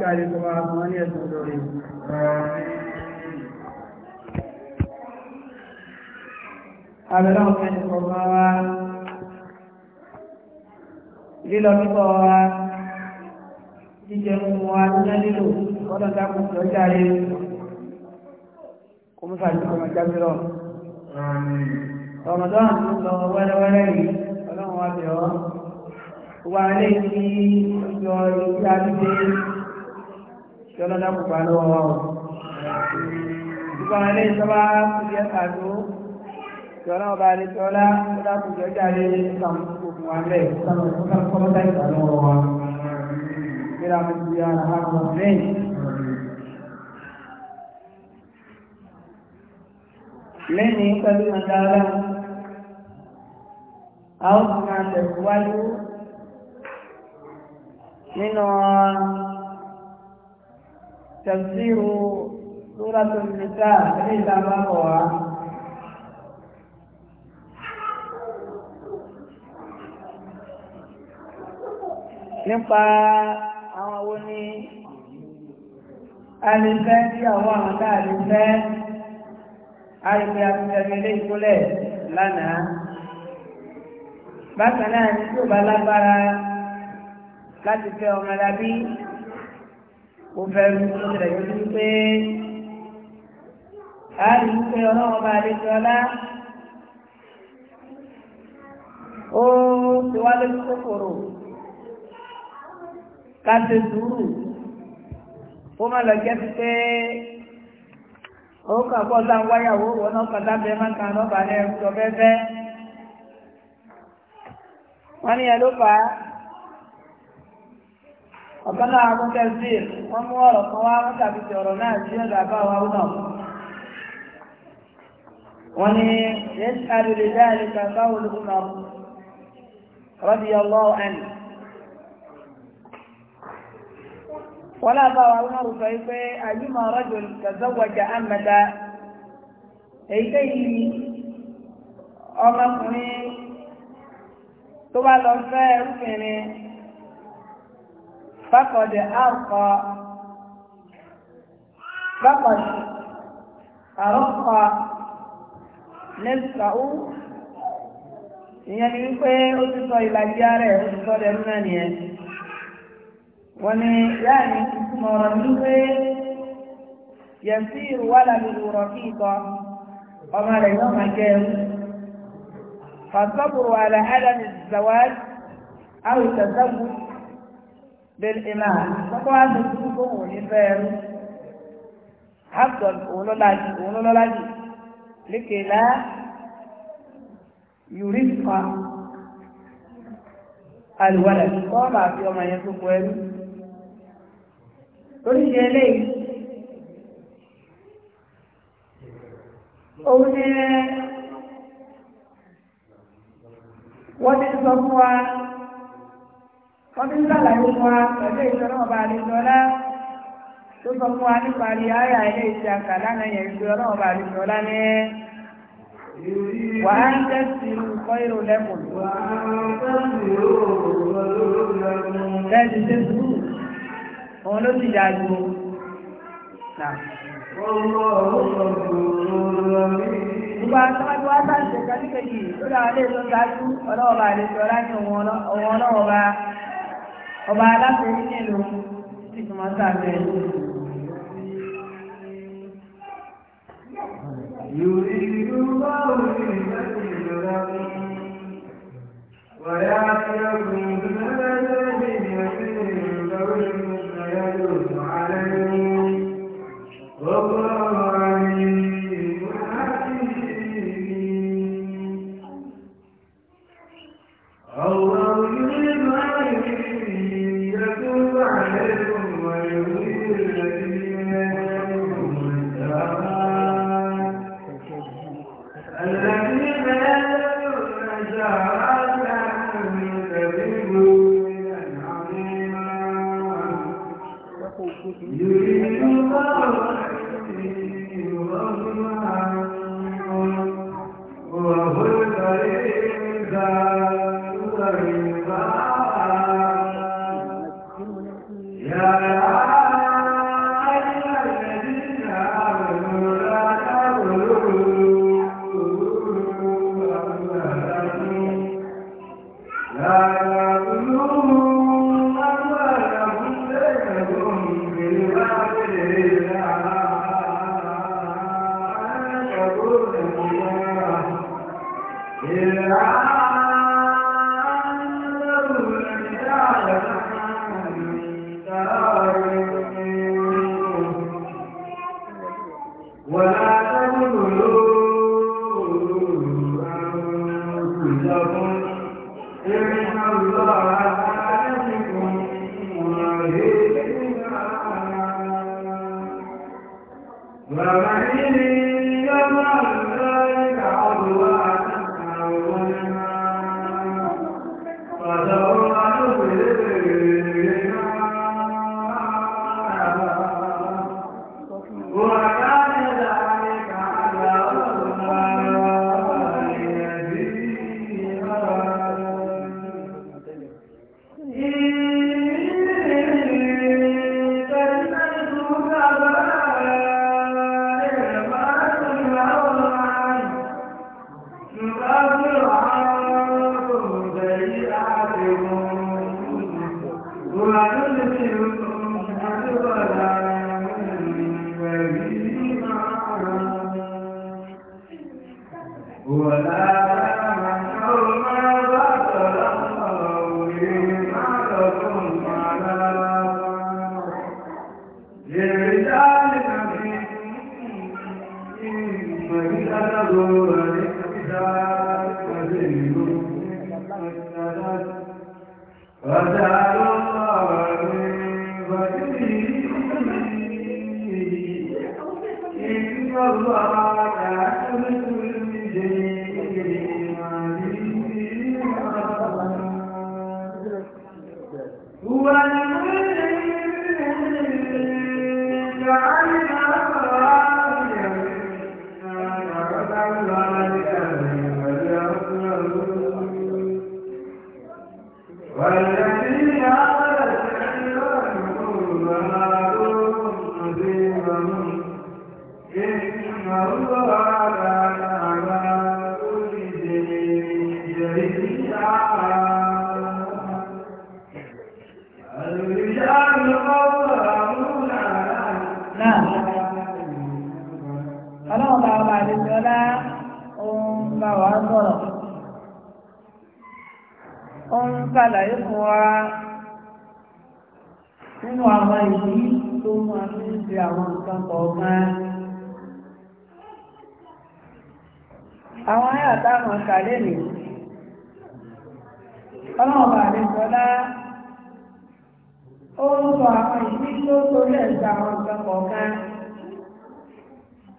kárí kó máa fún wọn ní ẹ̀sùn lórí. Àbẹ̀lá ọ̀fẹ́ ni kò máa wá lílọ nípa wa jíjẹ mú wa níná lílò kọ́dọ̀ dákùn tó járe kó mú sàájú kọmọ jáde lọ. Ramadan tó lọ wẹ́rẹ́wẹ́rẹ́ yìí ọlọ́run wa bẹ̀ ọ́. Gbogbo àwọn ilé ìfi ìjọ àdúgbò tí ọlọ́dá kò bá lọ́wọ́ wa o ìgbà wọn lè sọ bá kùjẹ́ pàtó tí ọlọ́wọ́ bá lè sọ ọlá tó dá kùjẹ́ jáde sàmùkù fún wa lẹ̀ sàmùkù ìgbà lọ́wọ́ wa kíra lẹ́yìn. lẹ́yìn pẹ̀lú ìrìnàjò a ó sì máa tẹ̀síwájú nínú ọ̀rọ̀ tafsiru suratul nisa ní ìdámá bọ̀ wá. nípa àwọn wo ni a lè fẹ́ tí àwọn àwọn náà lè fẹ́ a lè fi àfihàn ó fẹ́ rí tó tilẹ̀ yóò rí pé a rí pé ọlọ́run bá lè jọ ọlá ó ti wá lójú kòkòrò ká ṣe sùúrù ó má lọ jẹ́ pé ó kàn kọ́ sáà wáyàwó wọn náà kàn sábẹ́ máa kan lọ́bàá lẹ́rù tó fẹ́fẹ́ wọ́n ní ẹ ló fà á. ọ̀kan náà akọ́kẹ́ sí wọ́n mú ọ̀rọ̀ kan wá wọ́n tàbí ti ọ̀rọ̀ náà sí ọ̀dà bá wa ka wọ́n ní yẹ́sì àdìrí dáàlì kàkà olùkùnà rọ́bì ọlọ́wọ́ ẹni wọ́n lábá wa wọ́n rúfẹ́ pé àjùmọ̀ rọ́jò kàzọ́wọ́jà àmàdá èyíkéyìí ọmọkùnrin tó bá lọ fẹ́ rúfin ni فقد أرقى فقد أرقى نفسه ìyẹn ni wípé ó ti sọ ìlàjì ara ẹ̀ ó ti sọ dẹ̀rú náà nìyẹn wọ́n ni láàrin ìtumọ̀ ọ̀rọ̀ ní wípé yẹ̀sí ìrùwálà lórí ọ̀rọ̀ kí ìtọ́ ọmọ rẹ̀ yóò máa jẹ́ ẹrú fàṣọ́bùrù àlàhálà ní zawal àwọn ìtẹ̀sẹ́gun bẹ́ẹ̀ máa kọ́kọ́ wá sí kúrú kó wò ní fẹ́ ẹrú hapton òun ló lájú òun ló lọ́lájú lékèlá yorùbá àlùwalẹ̀ kọ́ máa fi ọmọ yẹn tó kọ ẹrú torí ṣe eléyìí òun ni wọ́n ti sọ fún wa. wọ́n ti ń sàlàyé fún wa ọba àdìsọ́lá tó sọ fún wa nípa rí àyà ilé iṣẹ́ náà yẹn ìṣọ́nà ọba àdìsọ́lá ní wà á ń ìrò lẹ́kùn. Ìgbà wá ṣe ilé àdìsọ́lá ní òun ọba aláforí nílùú sí tí wọ́n sáré Yorùbá òní ìgbàlódé lọ́wọ́.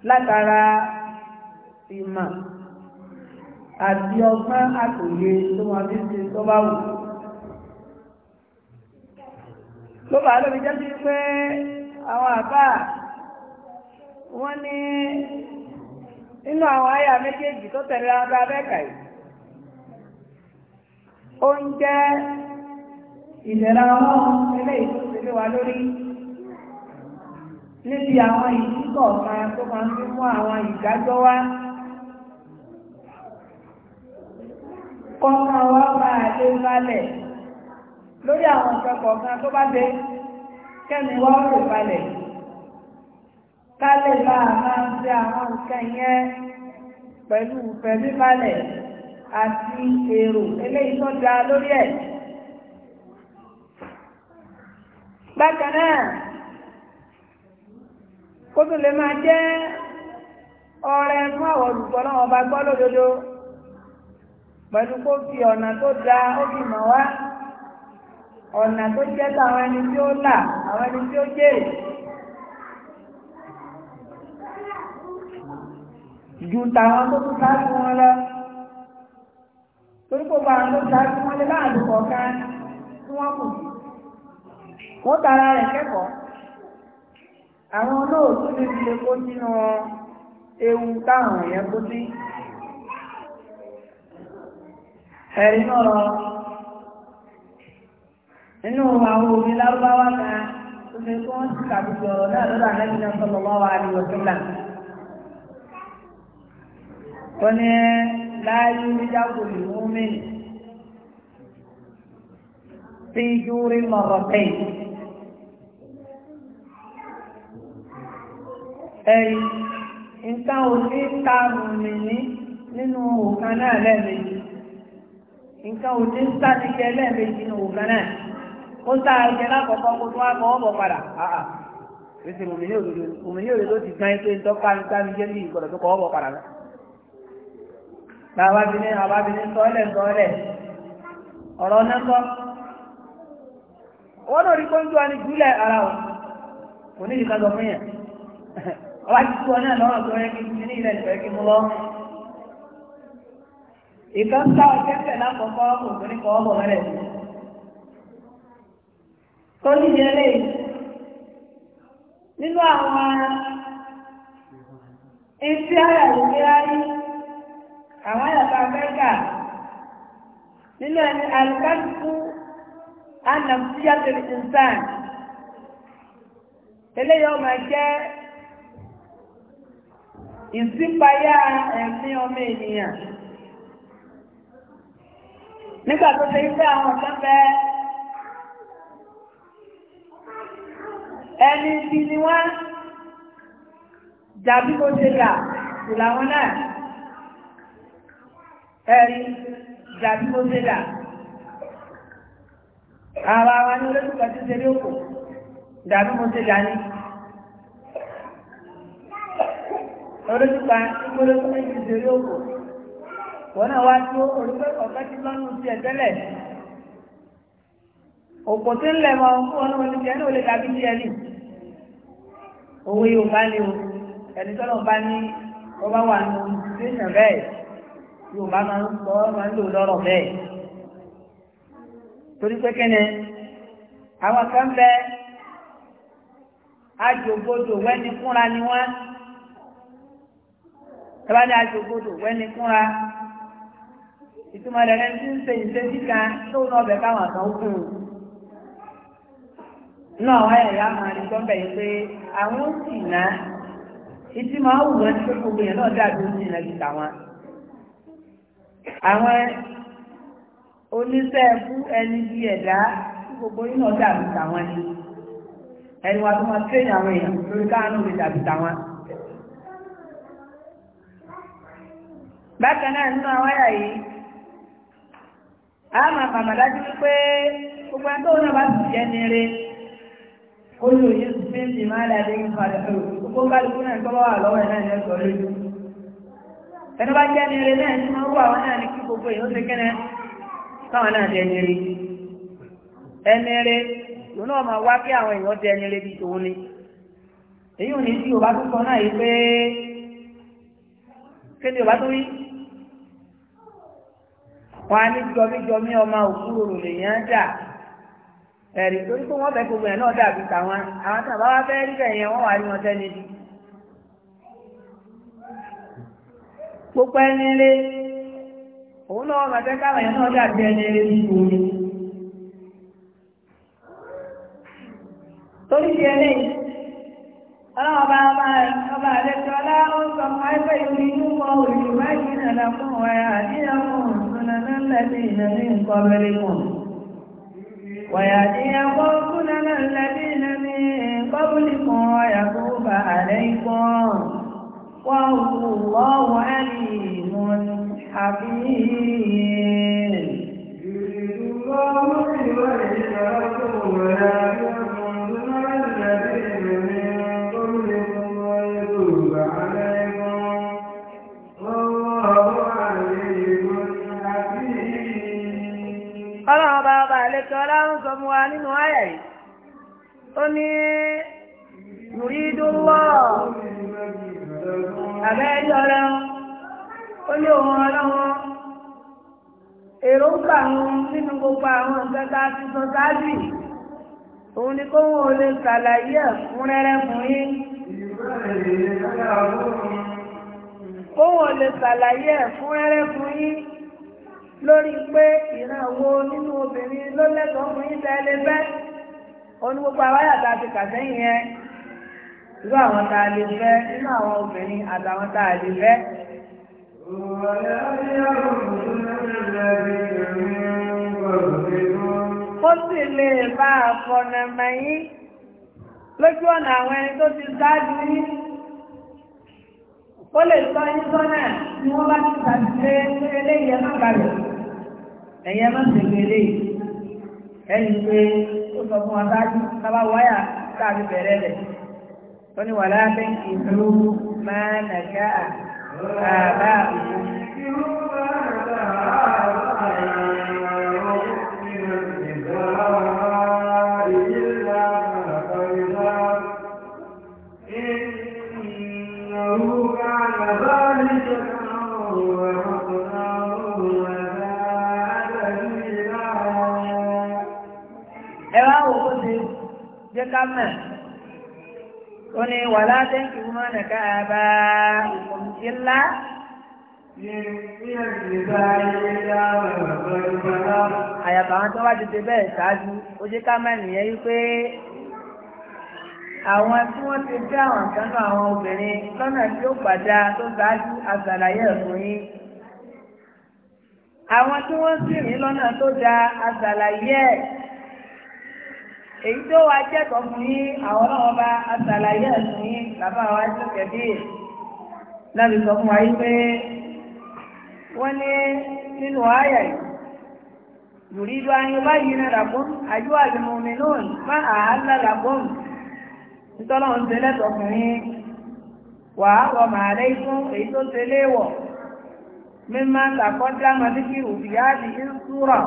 látara ìmọ̀ àti ọgbọ́n àtòyè tó wọn fi ṣe tó bá wù. ló bá lóbi jẹ́ sí pé àwọn àbá wọ́n ní nínú àwọn àyà méjèèjì tó tẹ̀lé ara abẹ́kà yìí ó ń jẹ́ ìlera ọlọ́run eléyìí tó wa lórí níbi àwọn ìdíkọ̀ kan tó máa ń fi mú àwọn ìdájọ́ wá kọ́kàn wá máa lé balẹ̀ lórí àwọn ìkẹ́kọ̀ọ́ kan tó bá dé kẹ́mi wá rò balẹ̀ ká lè bá a máa ń fi àwọn nǹkan yẹn pẹ̀lú pẹ̀lú balẹ̀ àti èrò eléyìí tó da lórí ẹ̀. bákan náà kó tún lè máa jẹ́ ọrẹ fún àwọn olùkọ́ náà ọba gbọ́ lódodo pẹ̀lú kó fi ọ̀nà tó da ó fi mọ̀ wá ọ̀nà tó jẹ́ táwọn ẹni tí ó là àwọn ẹni tí ó jèrè. ju tàwọn tó tún sáájú wọn lọ torí kó bá àwọn tó sáájú wọn lé láàdúkọ̀ọ́ká tí wọ́n kù wọ́n tara rẹ̀ kẹ́kọ̀ọ́ àwọn olóòtú lè fi lè kó sínú ewu táwọn èèyàn kó sí ẹ̀rí náà nínú àwọn òbí lárúbáwá kan tó fi kó wọ́n sì kàbùkù ọ̀rọ̀ náà lọ́dọ̀ àlẹ́bí náà sọ̀rọ̀ wá wà ní ọ̀sẹ̀là wọ́n ní láàyè oníjàpò ìmúmi fi júrí mọ̀rọ̀ bẹ́ẹ̀. ẹ̀yìn nǹkan òní ta mùmìnì nínú òkan náà lẹ́ẹ̀mejì nǹkan òní sátìkẹ lẹ́ẹ̀mejì nínú òkan náà ó sá ẹgbẹ́ lákọ̀ọ́kọ́ kó tó wá kọ́ padà àà èsì mùmìnì òdodo ti gbọ́n pé ntọ́ka nípa mi jẹ́ bíi ìgbọ̀dọ̀ tó kọ́ ọ́bọ̀ padà náà. bàbá bìnrin bàbá bìnrin sọ́ọ̀lẹ̀ sọ́ọ̀lẹ̀ ọ̀rọ̀ náà wọ́n náà rí wa ní ara ò kò ní ọba ti kú ọ náà lọ́wọ́ tó yẹ kí n ní ilẹ̀ ìfẹ́ kí n lọ. ìkan ká ọkẹ́kẹ́ lákọ̀ọ́kọ́ òkúni kọ́ ọ̀bọ̀ rẹ̀. tó ní ìdílé nínú àwọn etí ara ìwé ayé àwọn àyàtọ̀ amẹ́ríkà nínú ẹni alùpàdùkú ànàmùsíyàtò ìsàn eléyìí ọmọ ẹgbẹ́ ìsípayá ẹ̀sìn ọmọ ènìyàn nígbà tó ṣe iṣẹ́ àwọn ọ̀sánfẹ́ ẹni ibi ni wọ́n jàbí kó ṣe gà kù làwọn náà ẹ̀rí jàbí kó ṣe gà ara wa ní olóṣù ti ṣe ní òkú jàbí kó ṣe gà ní. lọ́dún nípa ìgbóná tó ń ṣe rí òkò wọn náà wá tó olùkọ́ ọ̀gá ti lọ́nu ti ẹ̀ tẹ́lẹ̀ òkò tó ń lẹ̀ mọ́ fún ọ̀nà wọn ti ẹ̀ náà lè dàbí ti ẹ̀ ní yóò bá ní o ẹni tọ́lọ̀ bá ní ọba wà ní ìdílé bẹ́ẹ̀ yóò bá máa ń sọ máa ń lò lọ́rọ̀ bẹ́ẹ̀ torí pé kẹ́ni àwọn kan bẹ́ẹ̀ ajogbodò wẹ́ni fúnra ni wọ́n. tọ́ba ní aṣogbodò wẹ́ni fúnra ìtumọ̀ rẹ̀ ti ń ṣe ìṣe síta káwọn kan kún náà wáyà ìyá máa ní gbọ́mbẹ̀ yìí pé àwọn sì gbogbo yẹn náà dàbí ó sì ná ju tàwọn. àwọn oníṣẹ́ ẹ̀kú ẹni bí ẹ̀dá tí gbogbo yìí náà dàbí tàwọn ni ẹni tó máa tẹ́yìn bákan náà nínú àwọn yìí a máa màmá dájú wípé gbogbo ẹni na náà bá sì jẹ́ nire ó lò yí sí ti máa lè adé nípa rẹ̀ pẹ̀lú gbogbo kálukú náà tó wà lọ́wọ́ ẹ̀ náà ní lójú ẹni bá jẹ́ nire náà náà ní kí gbogbo èèyàn ó ṣe kẹ́nẹ́ káwọn náà jẹ́ nire náà máa wá kí àwọn èèyàn jẹ́ wọn á ní jọmíjọmí ọmọ òkúròrò lèèyàn dà ẹ̀rí torí pé wọ́n fẹ́ gbogbo ẹ̀ náà dàbí tàwọn àwọn tàbá wá fẹ́ rí bẹ̀yẹn wọ́n wà ní wọn tẹ́ni di. gbogbo ẹni lé òun náà wọ́n fẹ́ káwọn ẹ̀ náà dàbí ẹni torí ti ẹni ọba ọba ó sọ fún ẹgbẹ́ ìlú inú wọn gwara dịya gaụaenile na-e kọbụdịpụrụ ya hụ bahara igpe ọrụ kwa wụ wa ọgwụ airi n'ọnụ ìṣọ́lá ń sọ fún wa nínú àyà yìí ó ní yùrídúnlọ́ àbẹ́ẹ̀jọ́ ọlọ́run ó ní òun ọlọ́run èròǹgbà wọn nínú gbogbo àwọn nǹkan ti sọ sáájú òun ni kó wọn ò lè ṣàlàyé ẹ̀kúnrẹ́rẹ́ fún yín kó wọn ò lè ṣàlàyé ẹ̀kúnrẹ́rẹ́ fún yín lórí pé ìran wo nínú obìnrin ló lẹ́tọ̀ọ́ fún yín tẹ́ lé fẹ́ òun gbogbo àwáyà tá a ti kà sẹ́yìn yẹn irú àwọn tá a lè fẹ́ nínú àwọn obìnrin àtàwọn tá a lè fẹ́. ó sì lè bá àfọ̀nàmọ́ yín lójú ọ̀nà àwọn ẹni tó ti dájú yín ó lè sọ yín sọ́nà ni wọ́n bá ti tàbí lé eléyìí ẹ̀ má balẹ̀ ẹ̀yẹ mẹ́sẹ̀ gbélé ẹni pé ó sọ fún adájú sábà wáyà káàdì bẹ̀rẹ̀ rẹ̀ tó ní wàlá bẹ́ẹ̀ ìlú máa nàgá àbá ká mọ̀ ó ní wà látẹ́ kí wọ́n máa nàka àbá ìkọ̀mùtì ńlá. àyàbá àwọn tó wá ti ṣe bẹ́ẹ̀ ṣáájú ó jẹ́ ká mọ̀ nìyẹn wípé àwọn tí wọ́n ti fẹ́ àwọn kan àwọn obìnrin lọ́nà tí ó gbàdá tó ṣáájú àgbàlàyé ẹ̀fọ́ yín àwọn tí wọ́n sì rí lọ́nà tó da àgbàlàyé ẹ̀ èyí tó wá jẹ́kọ̀ọ́ fún yín àwọn náà bá aṣàlàyé ẹ̀sìn yín bàbá wa ti kẹ̀bí láti sọ fún wa yí pé wọ́n ní nínú àyà yìí yòrídú ayé báyìí náà làkún àjọ àjùmọ̀mí náà má àhálà làkún nítorí wọn ṣe lẹ́tọ̀ọ̀kùnrin wà á wọ màálẹ́ ikú èyí tó ṣe léèwọ̀ mímá kàkọ́ dámàdíkì òbí yáàdì ìṣúra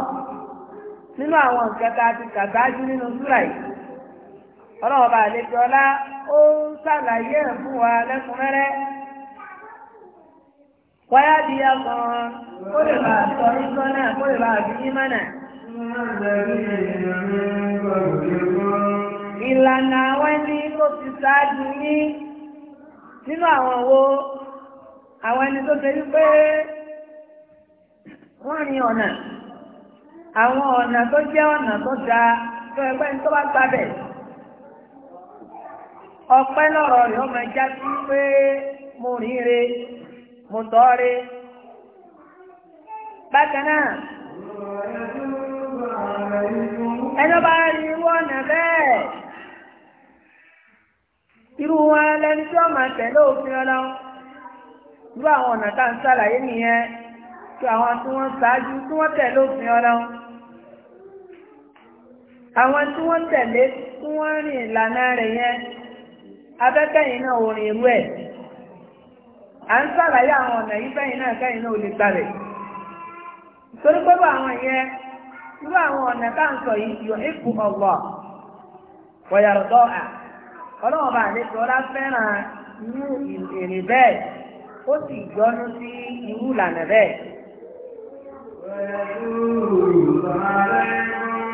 nínú àwọn nǹkan tá a ti kà sáájú nínú súrà yìí ọlọ́run bá àlejò ọlá ó ń ṣàlàyé ẹ̀ fún wa lẹ́kùnrẹ́rẹ́ wáyà di ọkàn kó lè bá sọ ikọ́ náà kó lè bá bí yín mọ́nà. ìlànà àwọn ẹni tó ti ṣáájú yín nínú àwọn wo àwọn ẹni tó ṣe wípé wọ́n rin ọ̀nà. àwọn ọ̀nà tó jẹ́ ọ̀nà tó da tó ẹgbẹ́ tó bá gbàbẹ̀ ọpẹ́ lọ́rọ̀ rẹ̀ ọmọ ẹja sí pé mo ríire mo tọ́ re bákan náà ẹjọ́ bá rí irú ọ̀nà bẹ́ẹ̀ irú wọn lẹni tí wọ́n máa tẹ̀lé òfin ọlọ́run irú àwọn ọ̀nà tá à ń ṣàlàyé nìyẹn tí àwọn tí wọ́n ṣáájú tí wọ́n tẹ̀lé òfin ọlọ́run. àwọn tí wọ́n tẹ̀lé tí wọ́n rìn ìlànà rẹ̀ yẹn abẹ́kẹ̀yìn náà ò rìn irú ẹ̀ à ń sàlàyé àwọn ọ̀nà yìí náà kẹ́yìn náà ò lè rẹ̀ torí pé bá àwọn yẹn irú àwọn ọ̀nà tá à ń sọ yìí yọ ipò ọ̀gbọ̀ à ọlọ́wọ́n bá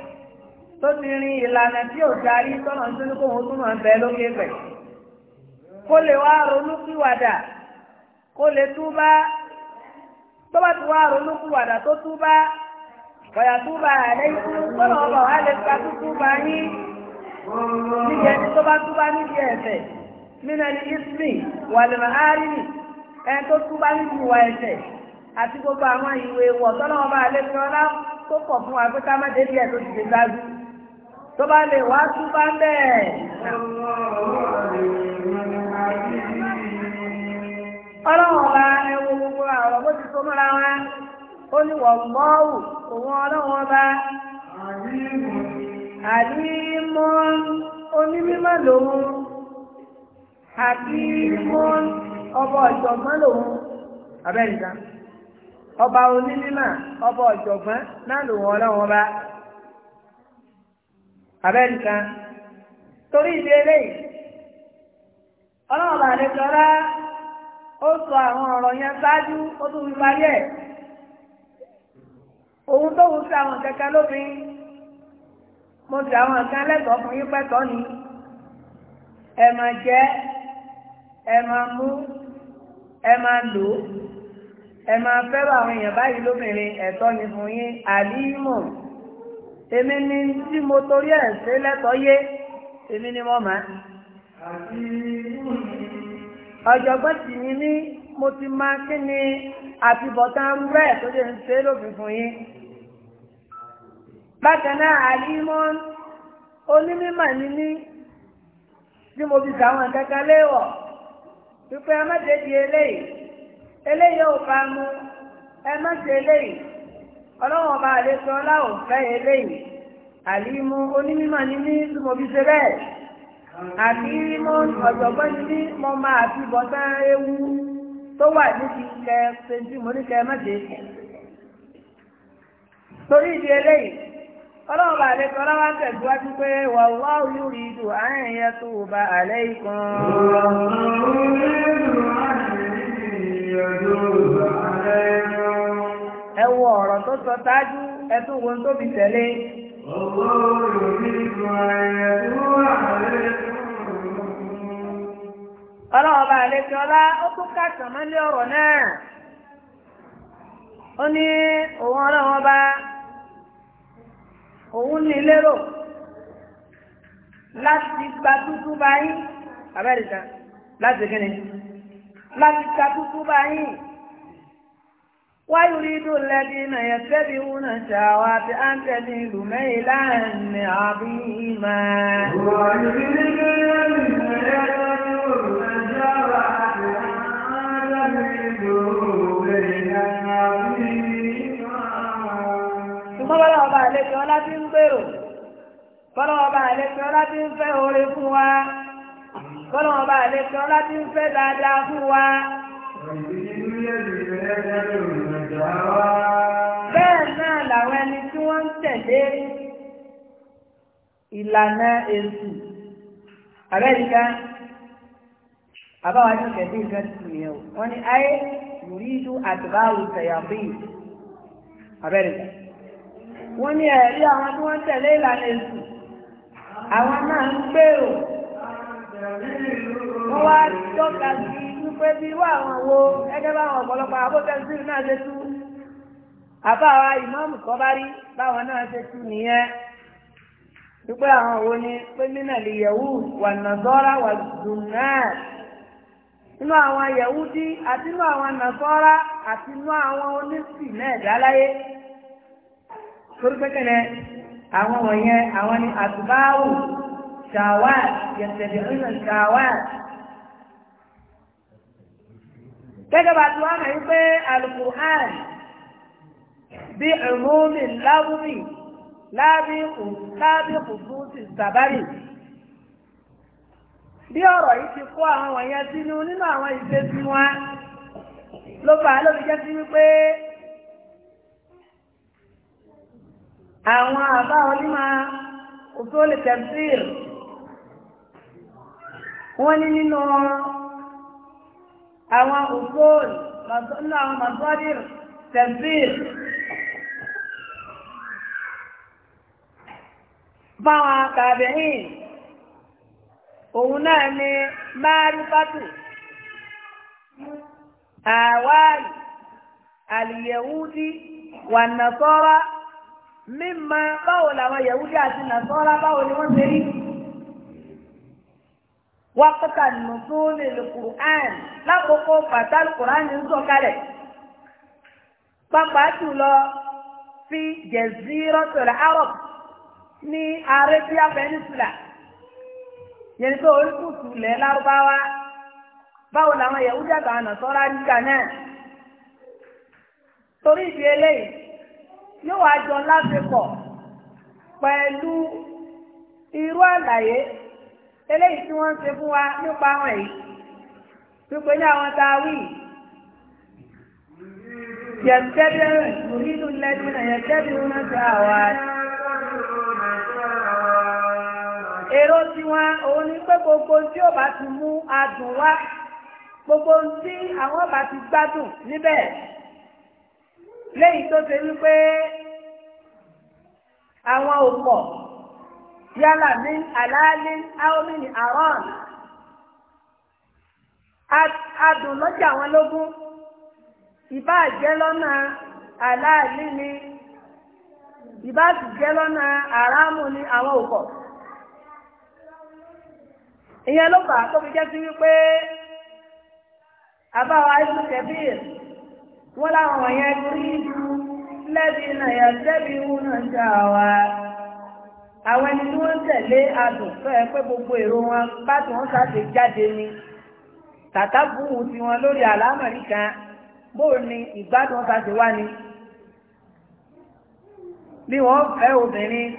tó ti rin ìlànà tí ò darí tọ́nà tó ní kóhun tó máa bẹ lókè pẹ̀ kó lè wá ronú pìwàdà kó lè túbá tó bá ti wá ronú pìwàdà tó túbá bọ̀yà túbá àlẹ́kú tọ́nà ọba wa lè ka túbá yín níbi ẹni tó bá túbá níbi ẹ̀fẹ̀ nínú ẹni ismi wàlùmọ̀ áárínì ẹni tó túbá níbi ìwà ẹ̀fẹ̀ àti gbogbo àwọn ìwé ìwọ̀ tọ́nà ọba àlẹ́kú ọlá tó pọ̀ fún wa pé ká má débi ẹ̀ tó ti dé dájú tó bá lè wá tún bá ń bẹ̀. ọlọ́run ọba ẹwọ gbogbo àwọn bó ti tó mọ́ra wa ó ní wọ̀n bọ́ọ̀wù òun ọlọ́run ọba àdìmọ́ onímọ̀ lòun àdìmọ́ ọba ọ̀jọ̀gbọ́n lòun abẹ́rìndà ọba onímọ̀ ọba ọ̀jọ̀gbọ́n náà lòun ọlọ́run ọba abẹ́ǹkà torí ìdí eléyìí ọlọ́run àdéjọ́lá ó sọ àwọn ọ̀rọ̀ yẹn ṣáájú ó tún fi parí ẹ̀ òun tó wù sí àwọn kẹkẹ lómi mo sì àwọn nǹkan lẹ́tọ̀ọ́ fún yín pẹ́tọ́ ni ẹ máa jẹ ẹ máa mú ẹ máa lò ẹ máa fẹ́ràn àwọn èèyàn báyìí lóbìnrin ẹ̀tọ́ ni fún yín àlímọ̀ èmi ni tí mo torí ẹ̀ ṣe lẹ́tọ̀ọ́ yé èmi ni mo mọ̀ ọ̀jọ̀gbọ́n sì ni mí mo ti máa kí ni àfibọ̀tán rẹ̀ tó lè ń ṣe lófin fún yín bákan náà àlímọ́ onímọ̀ ni mí tí mo fi sàwọn kankan léwọ̀ wípé ẹ má ṣe di eléyìí eléyìí ò bá mu ẹ má ṣe eléyìí. ọlọ́wọ́n ọba àlejò ọláwọ̀ fẹ́ eléyìí àlímú onímọ̀ ní ní túmọ̀ bẹ́ẹ̀ àbí mọ ọ̀jọ̀gbọ́n ní ní máa fi ewu tó wà níbi kẹ ṣẹ́jú mo ní kẹ mọ́tẹ́ torí ìdí eléyìí bá lè tẹ̀síwájú pé ẹ wo ọ̀rọ̀ tó sọ tájú ẹ tún wo tó fi tẹ̀lé. ọlọ́wọ́ bá àlejò ọlá ó tún kàtàn mọ́lé ọ̀rọ̀ náà ó ní òun ọlọ́wọ́ bá òun ní lérò láti gba tútú báyìí abẹ́rẹ́ ìta láti kíni láti gba tútú báyìí. ويريد الذين يتبعون الشهوات أن تميلوا ميلا عظيما Fọ́lọ́wọ́ ọba àlejò ọlá ọlá tí ń fẹ́ oore fún wa, fọ́lọ́wọ́ ọba àlejò ọlá tí ń fẹ́ dáadáa fún wa. Bẹ́ẹ̀ náà làwọn ẹni tí wọ́n ń tẹ̀lé ìlànà èsù. Àbẹ́ríkà, àbáwájú kẹ̀dé nǹkan ti yẹn o. Wọ́n ní ayé yòrídú àtìbáwò tẹ̀yàbí. Àbẹ́ríkà. Wọ́n ní ẹ̀rí àwọn tí wọ́n tẹ̀lé ìlànà èsù. Àwọn náà ń gbèrò. Wọ́n wá tọ́ka sí pé bí wá àwọn wo ẹgẹ́ bá àwọn ọ̀pọ̀lọpọ̀ abótẹ́sírì náà ṣe tú àbáwa ìmọ̀ọ́mù kọ́ bá rí báwọn náà ṣe tú nìyẹn wípé àwọn wo ni pé nínà lè yẹ̀wù wà nàzọ́ra wà dùnà nínú àwọn yẹ̀wúdí àti nínú àwọn nàzọ́ra àti nínú àwọn onísì náà dáláyé torí pé àwọn wọ̀nyẹn àwọn ni àtúbáwù ṣàwá yẹ̀tẹ̀lẹ̀ ṣàwá. gẹ́gẹ́ bá ti wá mọ̀ wípé alukur'an bí ẹ̀mọ́mì láwùmí lábí kùsù sí sàbárì bí ọ̀rọ̀ yìí ti kó àwọn wọ̀nyẹn sínú nínú àwọn ìṣesí wa ló fà á lóbi jẹ́ sí wípé àwọn àbá onímọ̀ òtó lè tẹ̀síìr wọ́n ní nínú wọn àwọn òfóòlù nínú àwọn mọ̀tọ́dìr tẹ̀síìl báwọn tàbíìn òun náà ni márùbátù àwárí àlìyẹ̀wúdí wà nàṣọ́rá mímọ báwo làwọn yẹ̀wúdí àti nàṣọ́rá báwo ni wọ́n ṣe rí wákàtà nùsùlì lùkùrán lákòókò bàtà lùkùrán ń sọ̀kalẹ̀ pàápàá jùlọ fi jẹzírọtòlá arab ní arabia peninsula yẹn tó oríkùsù lẹ lárúbáwá báwo làwọn yẹwúdí àgbà nàṣọra nígbà náà torí ìdí eléyìí yóò wá jọ láti pọ̀ pẹ̀lú irú àlàyé eléyìí tí wọ́n ń ṣe fún wa nípa àwọn èyí pípé ní àwọn tá a wí yẹtẹ́bẹ̀rẹ̀ nínú lẹ́dínà yẹtẹ́bẹ̀rẹ̀ náà ti àwa. èrò tiwọn òun ni pé gbogbo tí ó bá ti mú adùn wá gbogbo tí àwọn bá ti gbádùn níbẹ̀ léyìí tó ṣe wípé àwọn ò pọ̀. yálà ní àlàálí áómìnì àrọ́ọ̀n adùn lọ́jà wọn lógún ìbá jẹ́ lọ́nà àlàálí ni ìbá sì jẹ́ lọ́nà ni àwọn òkọ̀ ìyẹn ló fà tó fi jẹ́ sí wípé àbáwa ibùdó kẹfíìr wọn láwọn wọ̀nyẹn rí lẹ́bi àwọn ẹni tí wọ́n tẹ̀lé adùn fẹ́ pé gbogbo èrò wọn pàtó wọn sáfè jáde ni tàtà búhù tí wọn lórí àlámọ̀rí kan bóò ni ìgbádùn wọn sáfè wá ni bí wọ́n fẹ́ obìnrin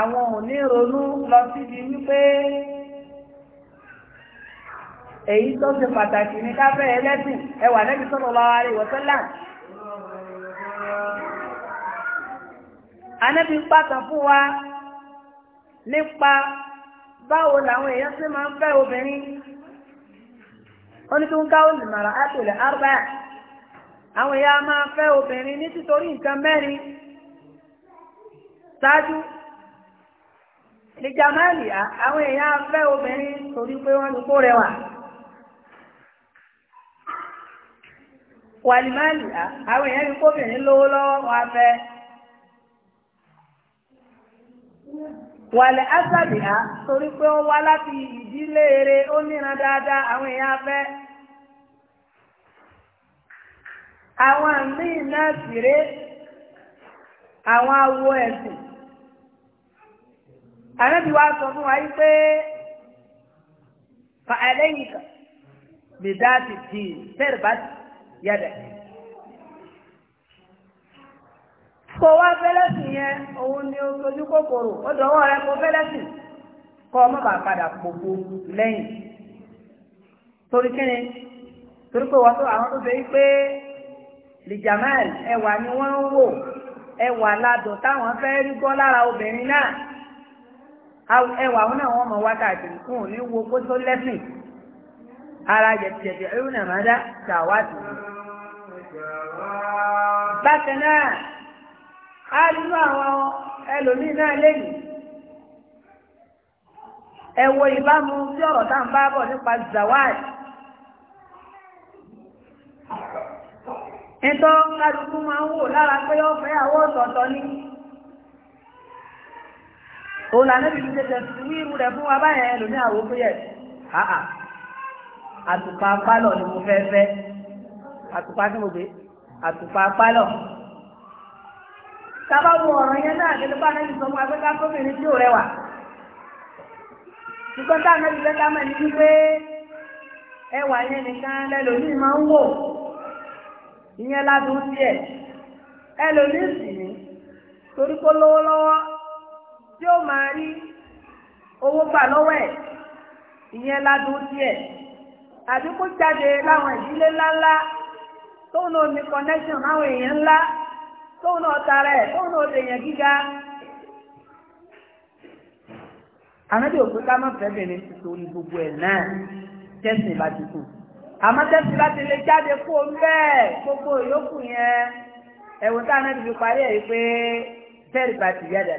àwọn ò ní ronú lọ síbi wípé èyí tó ṣe pàtàkì ní káfẹ́ ẹlẹ́sìn ẹwà lẹ́bi sọ́nà ọba wa rí wọ́sọ́là. Anẹ́bí pàtàkì fún wa nípa báwo làwọn èèyàn ṣe máa ń fẹ́ obìnrin oníkún káwọ́lì màrà átòlẹ̀ árbà àwọn èèyàn máa fẹ́ obìnrin ní títorí nǹkan mẹ́rin ṣáájú ní jamali àwọn èèyàn fẹ́ obìnrin torí pé wọ́n ti kó rẹwà wàlìmáàlì àwọn èèyàn ti kó obìnrin lówó lọ́wọ́ wọn fẹ́. wàlẹ̀ ásàbìá torí pé ó wá láti ìdílé eré ó níran dáadáa àwọn èèyàn fẹ́ àwọn míì náà sì ré àwọn awo ẹ̀sìn. àrẹ́bí wa sọ fún wa yí pé fa ẹlẹ́yìn kan lè dá ti dì í fẹ́rẹ̀ bá yìí. kò wá fẹ́lẹ́sì yẹn òun ni o kòkòrò ó dọ̀wọ́ rẹ kó fẹ́lẹ́sì kọ́ ọmọ bàá padà lẹ́yìn torí kíni torí pé wọ́n tó àwọn tó ṣe é pé lìjàmáàlì ẹwà ni wọ́n ń wò ẹwà ládùn táwọn fẹ́ rí gbọ́ lára obìnrin náà ẹwà náà wọ́n mọ̀ fún á nínú àwọn ẹlòmíì náà lẹ́yìn ẹ wo ìbámu sí ọ̀rọ̀ tá à ń bá bọ̀ nípa zawaj ẹ̀tọ́ kálukú máa ń wò lára pé ó àwọ̀ ọ̀tọ̀ọ̀tọ̀ ni òun lànà bí ṣe tẹ̀ sí wíwú rẹ̀ fún wa báyẹn ẹlòmíì àwọ̀ pé yẹ àtùpà pálọ̀ ni mo fẹ́ fẹ́ àtùpà tí mo gbé àtùpà pálọ̀. tábà wo yẹn náà kí ló bá nẹ́bí sọ fún wa tí ò rẹwà ṣùgbọ́n wípé ẹwà yẹn nìkan lẹ́lòmíì máa ń wò ìyẹn ládùn ẹlòmíì sì ní torí kó lówó lọ́wọ́ tí ó máa rí owó gbà lọ́wọ́ ẹ̀ ìyẹn ládùn jáde láwọn ìdílé ńláńlá tóun náà tara ẹ̀ tóun náà dèèyàn gíga. ànábì òkú ká má fẹ́ bẹ̀rẹ̀ nítorí gbogbo ẹ̀ náà tẹ̀sìn bá ti kù àmọ́ tẹ̀sìn bá ti lè jáde kó o bẹ́ẹ̀ gbogbo ìyókù yẹn ẹ̀wọ̀n tá ànábì fi parí ti a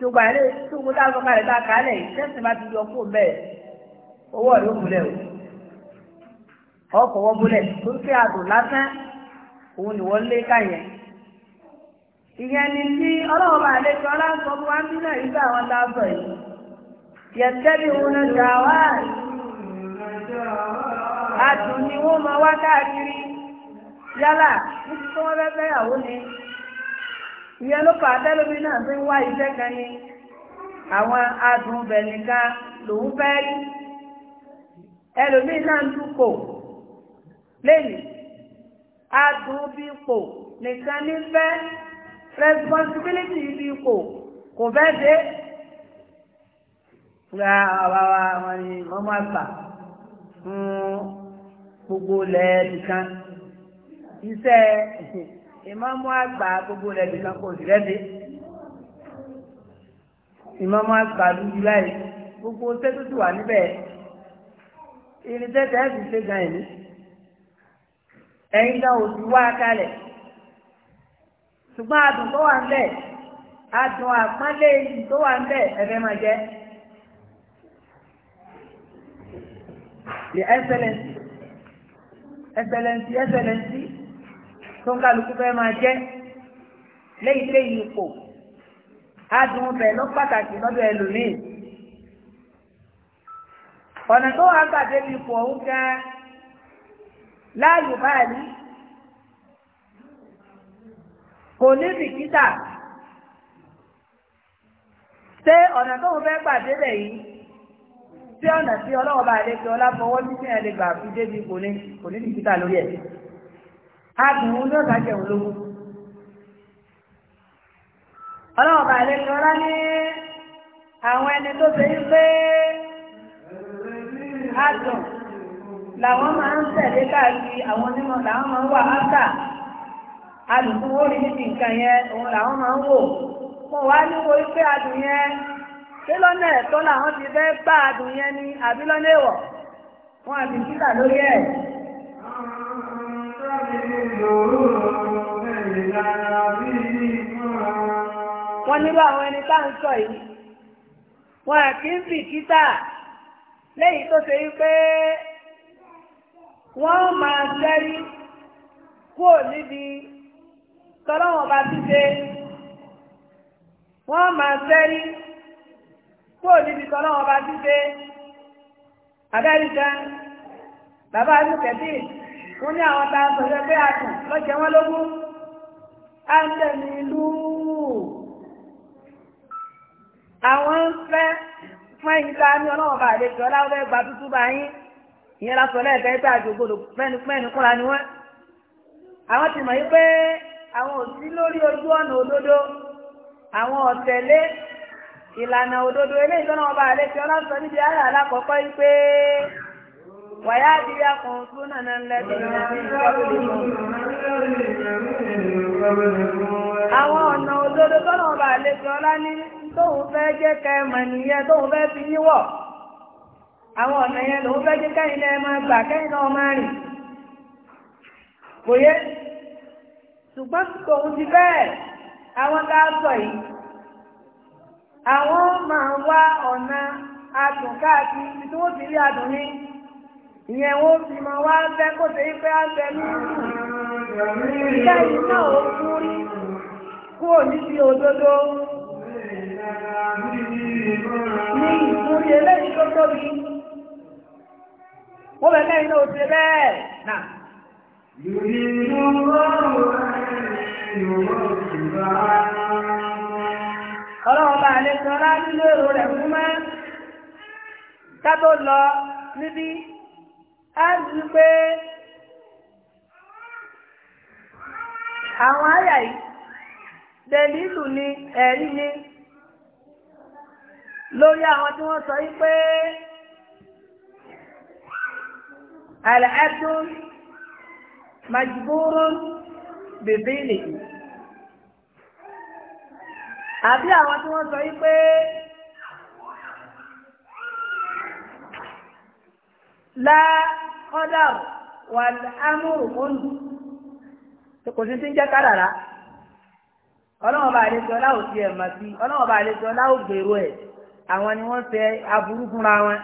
sọ kalẹ̀ a kalẹ̀ tẹ̀sìn bá ti yọ o bẹ́ẹ̀ owó ọ̀rẹ́ òkúlẹ̀ o ọkọ̀ wọ́n bólẹ̀ tó ń àdùn lásán òun ni ìyẹn ni tí ọlọ́run bá lè sọ láǹsọ fún wa ń bínú ìgbà àwọn tá a sọ yìí yẹtẹ́bí wọn lọ dà wá àdùn ni wọ́n máa wá káàkiri yálà níbi tí wọ́n fẹ́yàwó ni ìyẹn ló fà á tẹ́lómi náà fi ń wá iṣẹ́ kan ni àwọn adùn bẹ̀ nìkan lòún fẹ́ rí ẹlòmíì náà ń dúpò lẹ́yìn adùn bí pò nìkan ní fẹ́ responsibility ibi ipò kò fẹ́ dé ra àwa wa wọn ni wọ́n máa gbà fún gbogbo lẹ́ẹ̀dì kan iṣẹ́ ìmọ̀mọ́ àgbà gbogbo lẹ́ẹ̀dì kan kò sí lẹ́ẹ̀dì ìmọ̀mọ́ àgbà lójú láì gbogbo tẹ́tùtù wà níbẹ̀ irin tẹ́tẹ́ ẹ̀ fi ṣe gan ẹ̀mí ẹ̀yin náà ò sí wá kalẹ̀ ṣùgbọ́n adùn tó wà ńbẹ̀ adùn àpọ́nlé iyì tó wà ńbẹ̀ ẹ̀fẹ́ máa jẹ́. the excellence excellence excellence tó ń kálukú fẹ́ máa jẹ́ lẹ́yìn lẹ́yìn ipò adùn bẹ̀ ló pàtàkì lọ́dọ̀ ẹlòmíì ọ̀nà tó wà ń gbàdé ipò ọ̀hún gan láàyò báyìí kò ní bìkítà ṣé ọ̀nà tó ń fẹ́ pàdé rẹ̀ yìí tí ọ̀nà tí ọlọ́wọ́ bá lè fi ọlá fọwọ́ sí fún ẹ̀lẹ́gbà fi débi kò ní kò ní bìkítà lórí ẹ̀ adùn ní ọ̀sán jẹun lógún ọlọ́wọ́ bá lè fi ọlá ní àwọn ẹni tó ṣe ń pé adùn làwọn máa ń tẹ̀lé káàkiri àwọn onímọ̀ làwọn máa ń wà áńtà alùpù wọn rí níbi nǹkan yẹn òun làwọn máa ń wò wọn wá níwo pé adùn yẹn ṣé lọ́nà ẹ̀tọ́ làwọn ti fẹ́ bá adùn yẹn ni àbí lọ́nà èèwọ̀ wọn àbí títà lórí ẹ̀. wọ́n nílò àwọn ẹni tá à ń sọ yìí wọn àti ń fi títà tó ṣe wípé wọ́n máa ṣẹ́rí kúrò níbi. tọ́lọ́wọ́n bá ti ṣe wọ́n máa sẹ́rí kó níbi tọ́lọ́wọ́n bá ti ṣe abẹ́rìkẹ́ bàbá àdúkẹ́tì fún ní àwọn tá a sọ pé àtùn lọ́jẹ́ wọn lógún á ń tẹ̀lé ìlú àwọn ń fẹ́ fún ẹ̀yìn tá a ní ọlọ́wọ́n bá àlejò ọláwọ́ gba tútú bá yín ìyẹn lásán lẹ́ẹ̀kẹ́ gbà àjògbòdò mẹ́nu mẹ́nu kúnra ni wọ́n àwọn ti mọ̀ yí pé àwọn òsí lórí ojú ọ̀nà òdodo àwọn ọ̀tẹ̀lé ìlànà òdodo eléyìí tó náà bá a lè fi ọlọ́sọ níbi ara alákọ̀ọ́kọ́ yìí pé wàyá di akùn tún nànà lẹ́bí àwọn ọ̀nà òdodo tó náà bá a lè fi ọlá ní tóun fẹ́ jẹ́ kẹ́mọ̀ nìyẹn tóun fẹ́ fi yíwọ̀ àwọn ọ̀nà yẹn lòun fẹ́ jẹ́ kẹ́yìn lẹ́ẹ̀ máa gbà kẹ́yìn náà máa rìn kò yẹ ṣùgbọ́n tòun ti bẹ́ẹ̀ àwọn ga a yìí àwọn máa wá ọ̀nà adùn káàkiri tí wọ́n ti rí adùn ní ìyẹn wọ́n fi mọ wá fẹ́ kó ṣe é pé á ní ìṣe náà ó kú rí kúrò níbi òdodo ní ìtúrí eléyìí tó tóbi wọ́n lẹ́yìn يريد الله أن يرتب ọlọ́run bá lè sọ láti lérò rẹ̀ fún mẹ́ tábò lọ níbi á ti pé àwọn àyà yìí dẹ̀lílù ni ẹ̀rí ni lórí àwọn tí wọ́n sọ yí pé àlẹ́ ẹ̀dùn. majburun bèbèlè àbí àwọn tí wọ́n sọ wípé la qadar wal amru mọ́nù kò sí àlejò ọlá ò tiẹ̀ sí ọlọ́wọ́n bá àlejò ọlá ẹ̀ àwọn ni wọ́n fẹ́ aburú fúnra wọn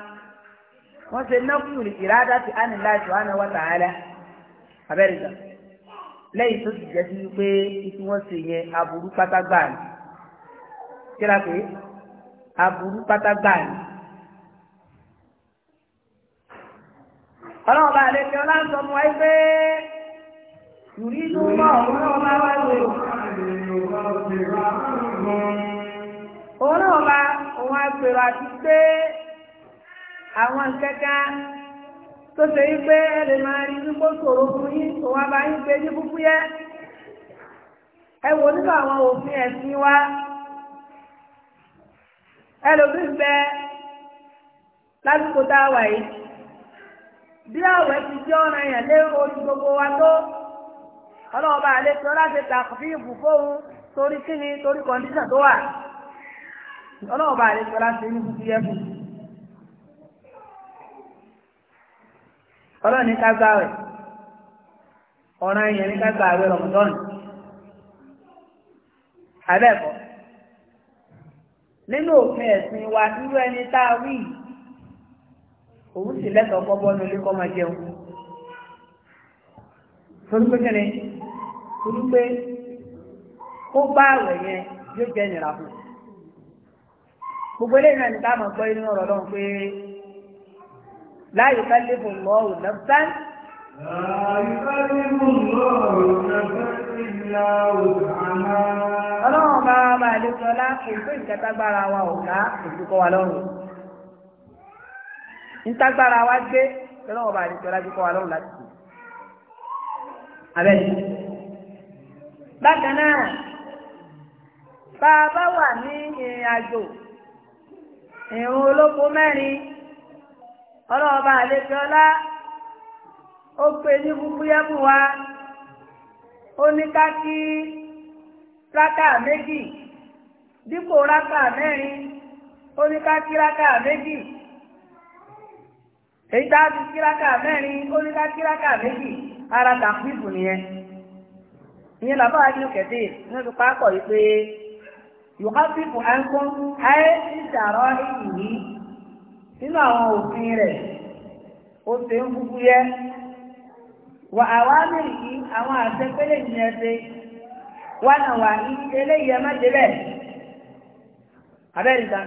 wọ́n ìrádá ti abẹ́rẹ́ gbà lẹ́yìn tó ti jẹ́ sí wípé tí wọ́n ṣe yẹn aburú pátágbà ni kíra pé aburú pátágbà ni. ọlọ́run bá lè fi ọlá ń sọ fún wa pé ìrí inú mọ́ ọ̀rọ̀ bá wá lò. òun náà bá òun á àti pé àwọn nǹkan tó ṣe yí pé ẹ lè máa rí yẹ wa ẹ lòmí bẹ lásìkò tá a wà yìí bí àwẹ̀ ti jẹ́ ọ̀ràn lé gbogbo wa tó ọlọ́ọ̀bá àlejò láti tàkùfí ìbùfóhùn torí kíni torí kọ̀ǹdíṣà tó wà ọlọ́ọ̀bá àlejò láti ní fúfú ọlọ́run ní ká gbààwẹ̀ ọ̀ràn èèyàn ní ká gbààwẹ̀ rọ̀mọ̀dọ́nù abẹ́ẹ̀kọ́ nínú òfin ẹ̀sìn wa irú ẹni tá a wí òun sì lẹ́tọ̀ọ́ kọ́bọ́ ní ilé kọ́ máa jẹun torí pé kíni torí pé kó bá àwẹ̀ yẹn yóò jẹ́ ìnira fún gbogbo eléyìí náà ní ká máa gbọ́ inú ọ̀rọ̀ lọ́hùn pé la yukallifu Allahu nafsan. ọlọ́run bá wa bá lè sọ lá èso ìkẹtàgbára wa ò ká ìdúkọ wa lọ́rùn. ìtagbára wa gbé ọlọ́run bá lè sọ lájú kọ́ wa lọ́rùn láti sùn. abẹ́ni. bákan náà bá a bá wà ní ìrìn àjò ìrún olóko mẹ́rin. ọlọ́ọ̀bá ọba ó pè ní búbúyẹ́mù wa ó ní ká rákà méjì dípò rákà mẹ́rin ó ní ká rákà méjì èyí tá a ti kí rákà mẹ́rin ó ní ká kí rákà méjì ara tàkùnìbù nìyẹn ìyẹn làbá wa nínú kẹ̀dé ní oṣù pápọ̀ yìí pé ń kún nínú àwọn òfin rẹ̀ ó ṣe ń kúkú yẹ wà àwa mìíràn àwọn àtẹ́pẹ́lẹ̀ yẹn ṣe wà náà wà ní eléyìí ẹ má ṣe bẹ́ẹ̀ abẹ́rìta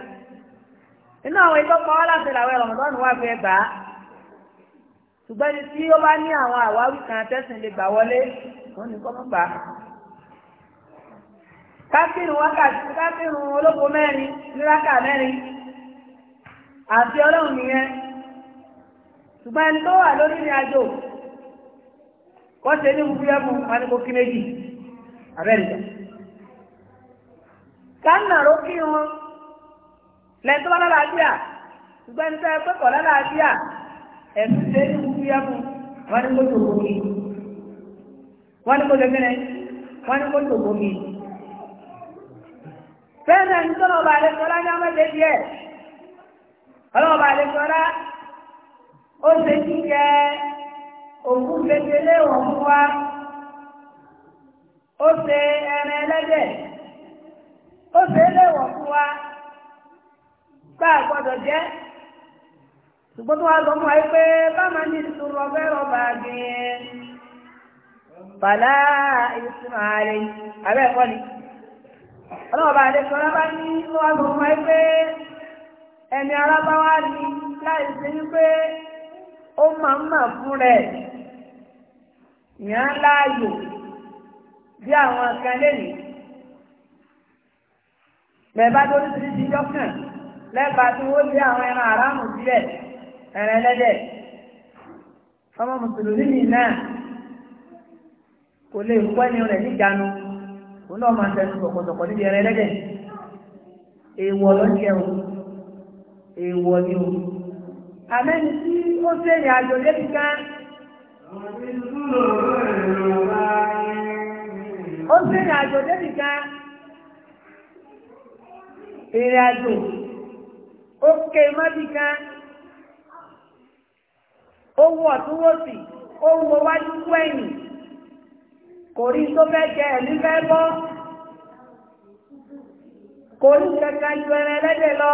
nínú àwọn ikọ́ pa wá láti làwọn ẹ̀rọ mọ̀tọ́nù wà fẹ́ bàá ṣùgbọ́n ní tí ó bá ní àwọn àwáwí kan tẹ́sìn lè gbà wọlé wọ́n ní kọ́ mọ́ bá a. káfíìnù wákàtí káfíìnù olóko mẹ́rin níráka mẹ́rin àti ọlọ́run nìyẹn ṣùgbọ́n ẹni tó wà lórí ìrìn àjò kọ́ ṣe ní gbogbo ẹ̀mú wọn ni kò kí méjì abẹ́rẹ́ kánà ló kí wọn lẹ́yìn tó bá lálàáfíà ṣùgbọ́n ẹni tó ẹ pẹ́kọ̀ọ́ lálàáfíà ẹ̀sùn ṣe ní gbogbo ẹ̀mú wọn ni kò tó gbòmí wọn ni kò tó gbẹ̀rẹ̀ wọn ni kò tó gbòmí. fẹ́ẹ̀rẹ̀ ń tọ́nà ọba àlejò ọlá ọlọ́wọ́ bá lè sọ́lá ó ṣe jíjẹ òkú gbẹgbẹlé wọn fún wa ó ṣe ẹran ẹlẹ́dẹ̀ ó ṣe léwọ̀ fún wa gbá àgbọ̀dọ̀ jẹ́ ṣùgbọ́n tó wá sọ pé ní ìṣòro rọ̀bà bàlá ìṣúná abẹ́ ẹ̀kọ́ ni bá lè sọ́lá bá ní tó wá sọ ẹ̀mí arábáwá ni láì sí wípé ó máa ń mà fún rẹ̀ yàn láàyò bí àwọn kan lẹ́yìn bẹ̀ẹ̀bá tó ní ti díjọ́ kàn lẹ́ẹ̀bá tí wọ́n lé àwọn ẹran àrámù sílẹ̀ ẹ̀rẹ̀ ọmọ mùsùlùmí náà kò lè ẹni rẹ̀ níjànú òun náà máa ń tẹnu níbi èèwọ̀ ni o àmẹ́ni tí ó sẹ́yìn àjò lébi kan ó sẹ́yìn àjò lébi kan ìrìn àjò ó ké mọ́bí kan ó wọ̀ tó ó wọ wájú kú ẹ̀yìn kò rí tó fẹ́ jẹ ẹ̀mí fẹ́ bọ́ kò rí kẹta ju ẹran ẹlẹ́dẹ̀ lọ.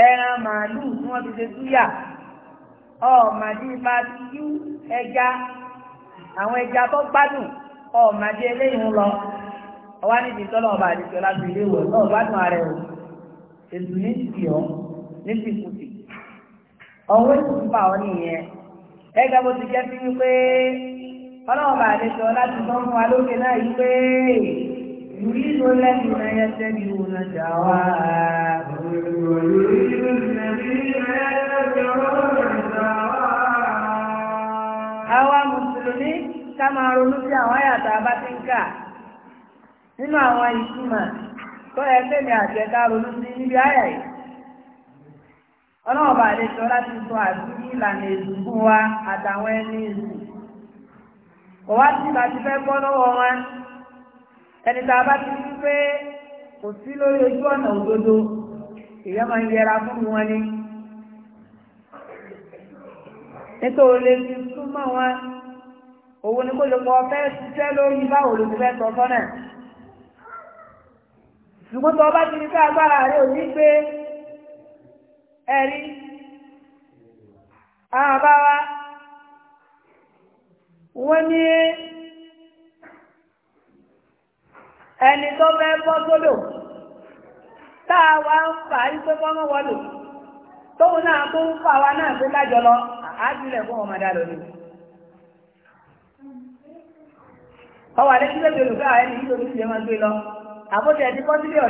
ẹran màálù tí wọ́n ti ṣe súyà ọ̀màdé màtíyú ẹja àwọn ẹja tó gbádùn ọ̀màdé eléyìí ń lọ ọwá níbi tọ́lọ̀ ọba àdìsọ́ láti ilé ìwọ̀ náà gbádùn ààrẹ o ètò ní ti ọ́ níbi ìkùtì ọ̀wọ́ ìkùtì fà ọ́ nìyẹn ẹgbẹ́ bó ti jẹ́ sí wípé ọlọ́ọ̀bà àdìsọ́ láti tọ́ fún wa lókè náà yí pé يريد الذين يتبعون سواء يريد الذين يتبعون àwa mùsùlùmí ká máa ronú sí àwọn àyàtà bá ti ń kà nínú àwọn ìtumọ̀ tó yẹ fẹ́mi àjẹká láti sọ ìlànà ìdùnkún wa àtàwọn ẹni ìlú kò wá sí ìbá ti fẹ́ bọ́ lọ́wọ́ ẹni tá a bá ti rí pé kò sí lórí ojú ọ̀nà òdodo èèyàn máa ń yẹra fún wọn ni nítorí lè fi súnmọ́ wọn òun ni kó lè pọ̀ fẹ́ ṣiṣẹ́ lórí báwo ló ti fẹ́ sọ fọ́nà ṣùgbọ́n tó bá ti ní ká agbára rẹ̀ ò ní pé ẹ̀rí àwọn wọ́n ní ẹni tó fẹ́ bọ́ sódò táà wá ń fà á yípe fọ́mọ́ wọlò tóun náà tó ń fà náà tó lájọ lọ àádìlẹ̀ fún ọmọ dá lórí. ọwọ́ àdé sílẹ̀ tó lùfẹ́ àwọn ẹni máa gbé lọ ti kọ́ sílẹ̀ yọ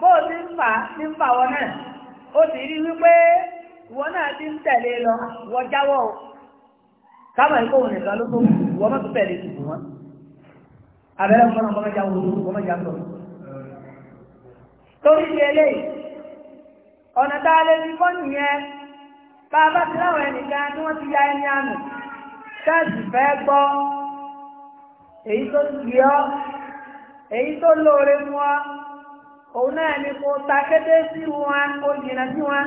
bó o ti ń fà ti ń fà wọ náà lọ wọ jáwọ́ káwọn ìkóhùn wọ́n tó tẹ̀lé abẹ́rẹ́ fọ́nà kọ́mọ́já wòlú kọ́mọ́já tọ̀. torí ti eléyìí ọ̀nà tá a lè fi kọ́ nìyẹn bá a bá ti láwọn ẹnìkan tí wọ́n ti ya ẹni àmì káàsì fẹ́ gbọ́ èyí tó ti ọ́ èyí tó lóore mú ọ́ òun náà ni kò ta kété sí wọn kò jìnnà sí wọn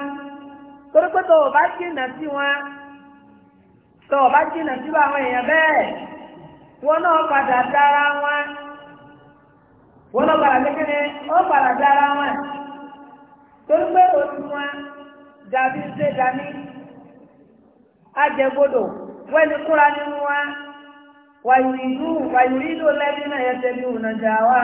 torí pé tó o bá jìnnà sí wọn tó o bá jìnnà sí àwọn èèyàn bẹ́ẹ̀ wọn náà padà dára wọn wọ́n lọ padà kékeré ó padà dá ara wọn torí pé òtù wọn dàbí ṣe dání ajẹgbodò wẹ́ni kúra nínú wa wàyùrìdù wàyùrìdù lẹ́yìn náà yẹ tẹ́lẹ̀ ònàjà wa.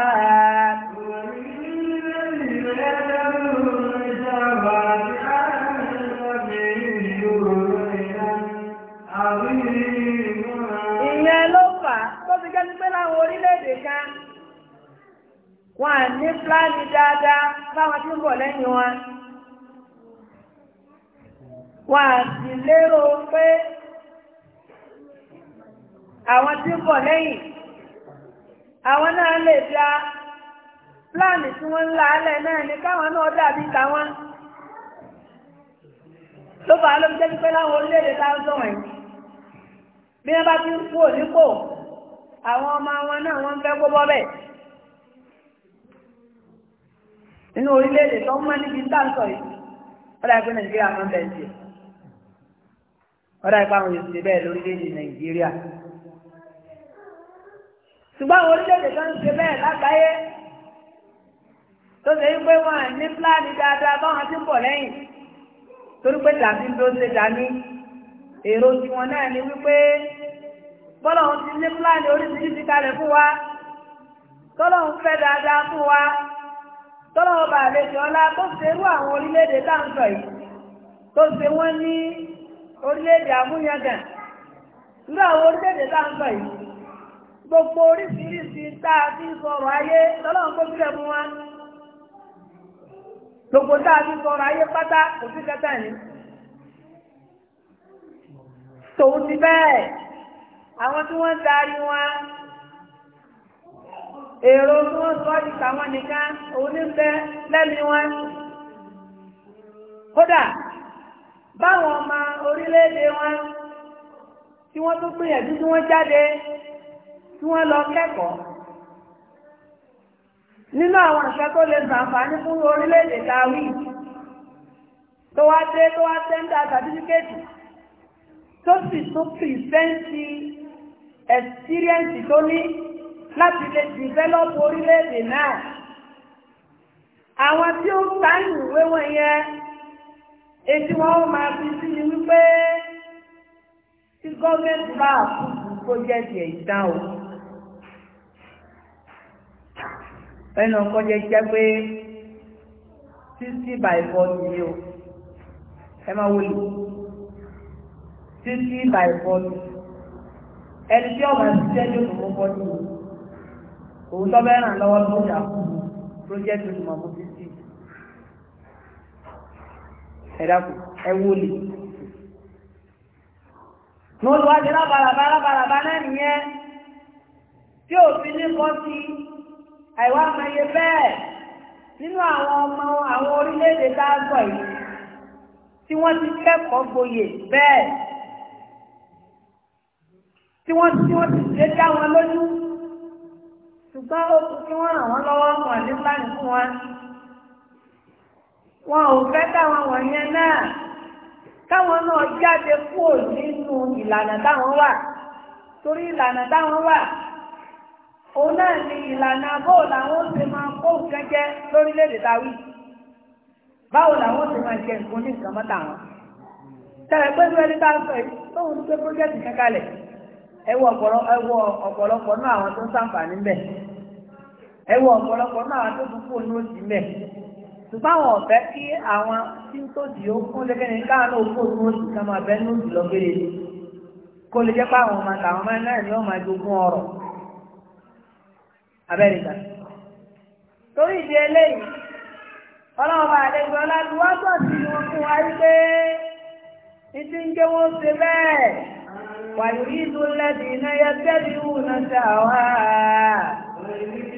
wọn à ní pílánì dáadáa báwọn tí ń bọ̀ lẹ́yìn wọn wọn à sì lérò pé àwọn tí ń bọ̀ lẹ́yìn àwọn náà lè da pílánì tí wọ́n ń la alẹ́ náà ni káwọn náà dàbí tàwọn ló bá ló jẹ́ pípẹ́ láwọn orílẹ̀-èdè tá a sọ wọ̀nyí bí wọ́n bá ti ń kú ònípò àwọn ọmọ wọn náà wọ́n ń fẹ́ kó bọ́ bẹ́ẹ̀. nínú orílẹ̀-èdè tó ń mọ́ níbi táǹsọ̀ yìí ọ̀dà ìpín nàìjíríà máa ń bẹ̀ ṣe ọ̀dà ìpín àwọn èsì bẹ́ẹ̀ lórílẹ̀-èdè nàìjíríà ṣùgbọ́n àwọn orílẹ̀-èdè tó ń ṣe bẹ́ẹ̀ lágbàáyé tó ṣe ní pílánì dáadáa báwọn ti ń bọ̀ lẹ́yìn torí pé tàbí dání èrò tiwọn náà ni wípé bọ́lá ti ní àlejò ọlá tó ṣerú àwọn orílẹ̀-èdè táǹsọ̀ yìí tó ṣe wọ́n ní orílẹ̀-èdè amúyangàn irú àwọn orílẹ̀-èdè táǹsọ̀ yìí gbogbo oríṣiríṣi tá a fi sọ̀rọ̀ ayé lọ́lọ́run kó sílẹ̀ fún wa gbogbo tá a fi sọ̀rọ̀ ayé pátá kò sí èrò tí wọ́n sọ di tàwọn nìkan òun ní bẹ lẹ́nu wọn. kódà báwọn ọmọ orílẹ̀-èdè wọn tí wọ́n tún gbìyànjú tí wọ́n jáde tí wọ́n lọ kẹ́kọ̀ọ́ nínú àwọn ìṣẹ́ tó lè ṣàǹfààní fún orílẹ̀-èdè tàwí tó wá dé tó wá tẹ́ńdà sàtífíkẹ́tì tó sì tún pìrìsẹ́ǹtì ẹ̀sírẹ́ǹtì tó ní láti lè dìvẹ́lọ́pù orílẹ̀-èdè náà àwọn tí ó ń ta ìwé wọn yẹn ètí wọn ó máa fi sí ni wípé tí gọ́ọ̀mẹ́ntì bá àkókò pọ́jẹ́tì ẹ̀yìn tán o ẹnu ọkọ jẹ jẹ pé sixty by forty ni o ẹ máa wọlé sixty by forty ẹni tí ọmọ ti jẹ́ ní òkùnkùn forty o òun tó bẹ́ẹ̀ ràn lọ́wọ́ ló yà fún project ìmọ̀ mú sí sí ẹ̀dàkù ẹwọ́ lè mo lọ wájú lábàràbà lábàràbà náà nìyẹn tí òfin ní kọ́ sí àìwá àmọye bẹ́ẹ̀ nínú àwọn ọmọ àwọn orílẹ̀-èdè tá a sọ yìí tí wọ́n ti kẹ́kọ̀ọ́ gboyè bẹ́ẹ̀ tí wọ́n ti ṣe dá wọn lójú ṣùgbọ́n ó tún kí wọ́n ràn wọ́n lọ́wọ́ mọ̀ ní fún wọn. wọn ò fẹ́ káwọn wọ̀nyẹn náà káwọn náà jáde kúrò nínú ìlànà táwọn wà torí ìlànà táwọn wà òun náà ni ìlànà bóò làwọn ṣe máa kó nǹkan lórílẹ̀-èdè táwí báwo làwọn ṣe máa jẹ nǹkan ní nǹkan mọ́ta wọn tẹ̀lẹ̀ pé lórí bá sọ yìí tóun ti gbé pọ́jẹ́tì kankalẹ̀ ẹ wọ ọ̀pọ̀lọpọ̀ náà àwọn tó ń sàǹfààní bẹ́ẹ̀. ẹwọ ọ̀pọ̀lọpọ̀ náà tó dúkú olóòtú mẹ́ ṣùgbọ́n awọn ọ̀fẹ́ kí àwọn tí ń tó dì ó kún lẹ́gẹ́ ní káàánú òkú olóòtú ká máa bẹ́ ní òdì kó lè jẹ́ pé àwọn ọmọ àtàwọn náà ni wọ́n máa jogún torí ìdí eléyìí sí wọn fún wa wọ́n ṣe bẹ́ẹ̀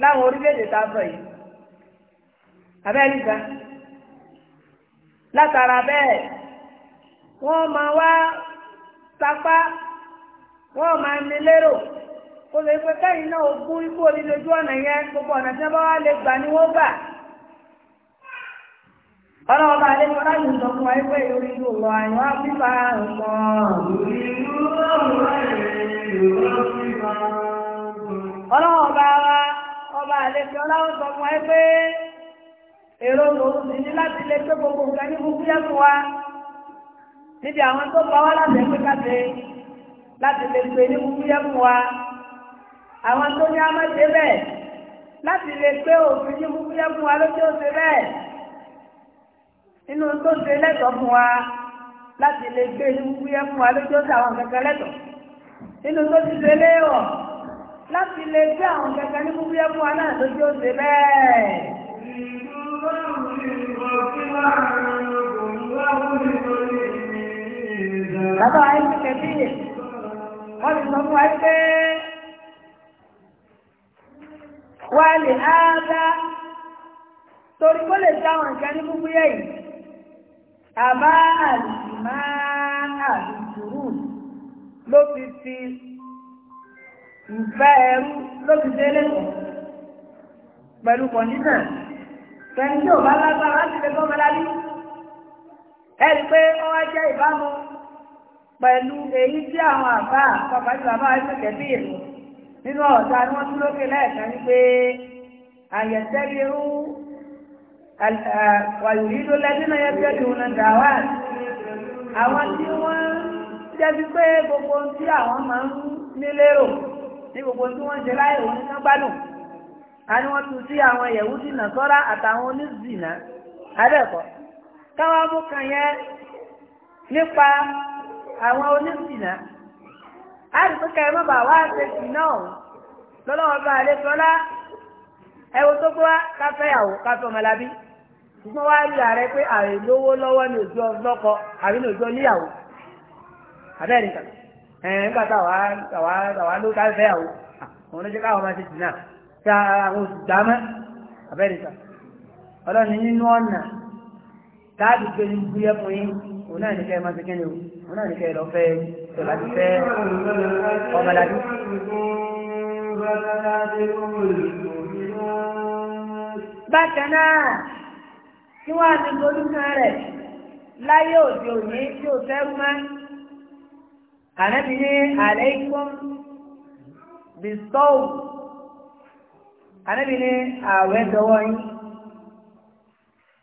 láwọn orílẹ̀-èdè ta a sọ yìí abẹ́rẹ́ látara bẹ́ẹ̀ wọ́n máa wá sapá wọ́n máa ní lérò kò lè kẹ́yìn náà ó gún ikú orí lójú ọ̀nà yẹn gbogbo ọ̀nà tí wọ́n bá lè gbà ni wọ́n gbà ọlọ́wọ́ bá lè láti fún wa orí ìlú ọ̀rọ̀ àìwá fífa ọlọ́wọ́ ọba àlejò ọláwọ́ sọ fún ẹ pé èrò lòun sì ní láti lè pé gbogbo nǹkan ní kúkú yẹ fún wa níbi àwọn tó bá wá láti ẹgbẹ́ káṣe láti lè pé ní kúkú yẹ fún wa àwọn tó ní amáṣe bẹ́ẹ̀ láti lè pé òfin ní kúkú yẹ fún wa ló tí bẹ́ẹ̀ nínú tó ṣe lẹ́tọ̀ọ́ fún wa láti lè gbé ní kúkú yẹ fún wa ló tí àwọn kankan lẹ́tọ̀ọ́ nínú tó ti ṣe léèwọ̀ láti lè gbé àwọn kankan ní kúkúrú ẹ̀fún wa náà lójú òsè bẹ́ẹ̀. Bàbá wa yìí kẹ̀kẹ́ bí wọ́n ti sọ fún wa pé wà lè á bá torí kó lè dá àwọn kan ní kúkúrú yẹ̀ yìí. Àbá àlùmáà àlùjùrù ló fi fi ìfẹ́ ẹrú ló fi dé lẹ́kọ̀ọ́ pẹ̀lú kọ̀ǹdíṣà pẹ̀lú tí ò bá lágbára láti lè gbọ́ mẹ́lárí ẹ̀rí pé wọ́n wá jẹ́ ìbámu pẹ̀lú èyí tí àwọn àbá pàpà jù bàbá ẹgbẹ́ kẹ̀bí ìlú nínú ọ̀tá ni wọ́n tún lókè lẹ́ẹ̀kan ní pé àyẹ̀tẹ́gẹ́rú wàyùrídó lẹ́dínà yẹn tẹ́ ti wọn àwọn tí wọ́n jẹ́ pé gbogbo ohun tí àwọn máa ń nílérò ní gbogbo tí wọ́n ń ṣe láyé òun ní gbádùn a ní wọ́n tún sí àwọn ẹ̀yẹ̀wò sí nàṣọ́ra àtàwọn oníṣìnà abẹ́ẹ̀kọ́ káwọn mú kan yẹn nípa àwọn oníṣìnà a rí pé ká ẹ má bàa wá ṣe sí náà lọ́lọ́wọ́ bá alẹ́ sọ́lá ẹ̀wọ̀n tó gbọ́ káfẹ́yàwó káfọ́mọlábí ṣùgbọ́n wá rí ààrẹ pé ààrẹ lówó lọ́wọ́ ní òjò ọlọ́kọ àbí ní òjò níyàwó abẹ́rẹ́ nìkan nígbà tàwa ló ká fẹ́ àwọn òun ló jẹ́ káwọn máa ṣe jìnnà tá àwọn oṣù dámẹ́ abẹ́rẹ́ta ọlọ́ni nínú ọ̀nà táàbì pé ní gbúyẹ́ fún yín òun náà ní kẹ́ máa ṣe kíni o òun náà ní kẹ́ lọ fẹ́ tọ́lájú fẹ́ ọmọlájú. bákan náà kí wọ́n á ti dolú kan rẹ̀ láyé òde òní tí ò fẹ́ rú mọ́. ànábi ní aleikum bisow ànábi ní ààwẹ̀ dọwọ́ yín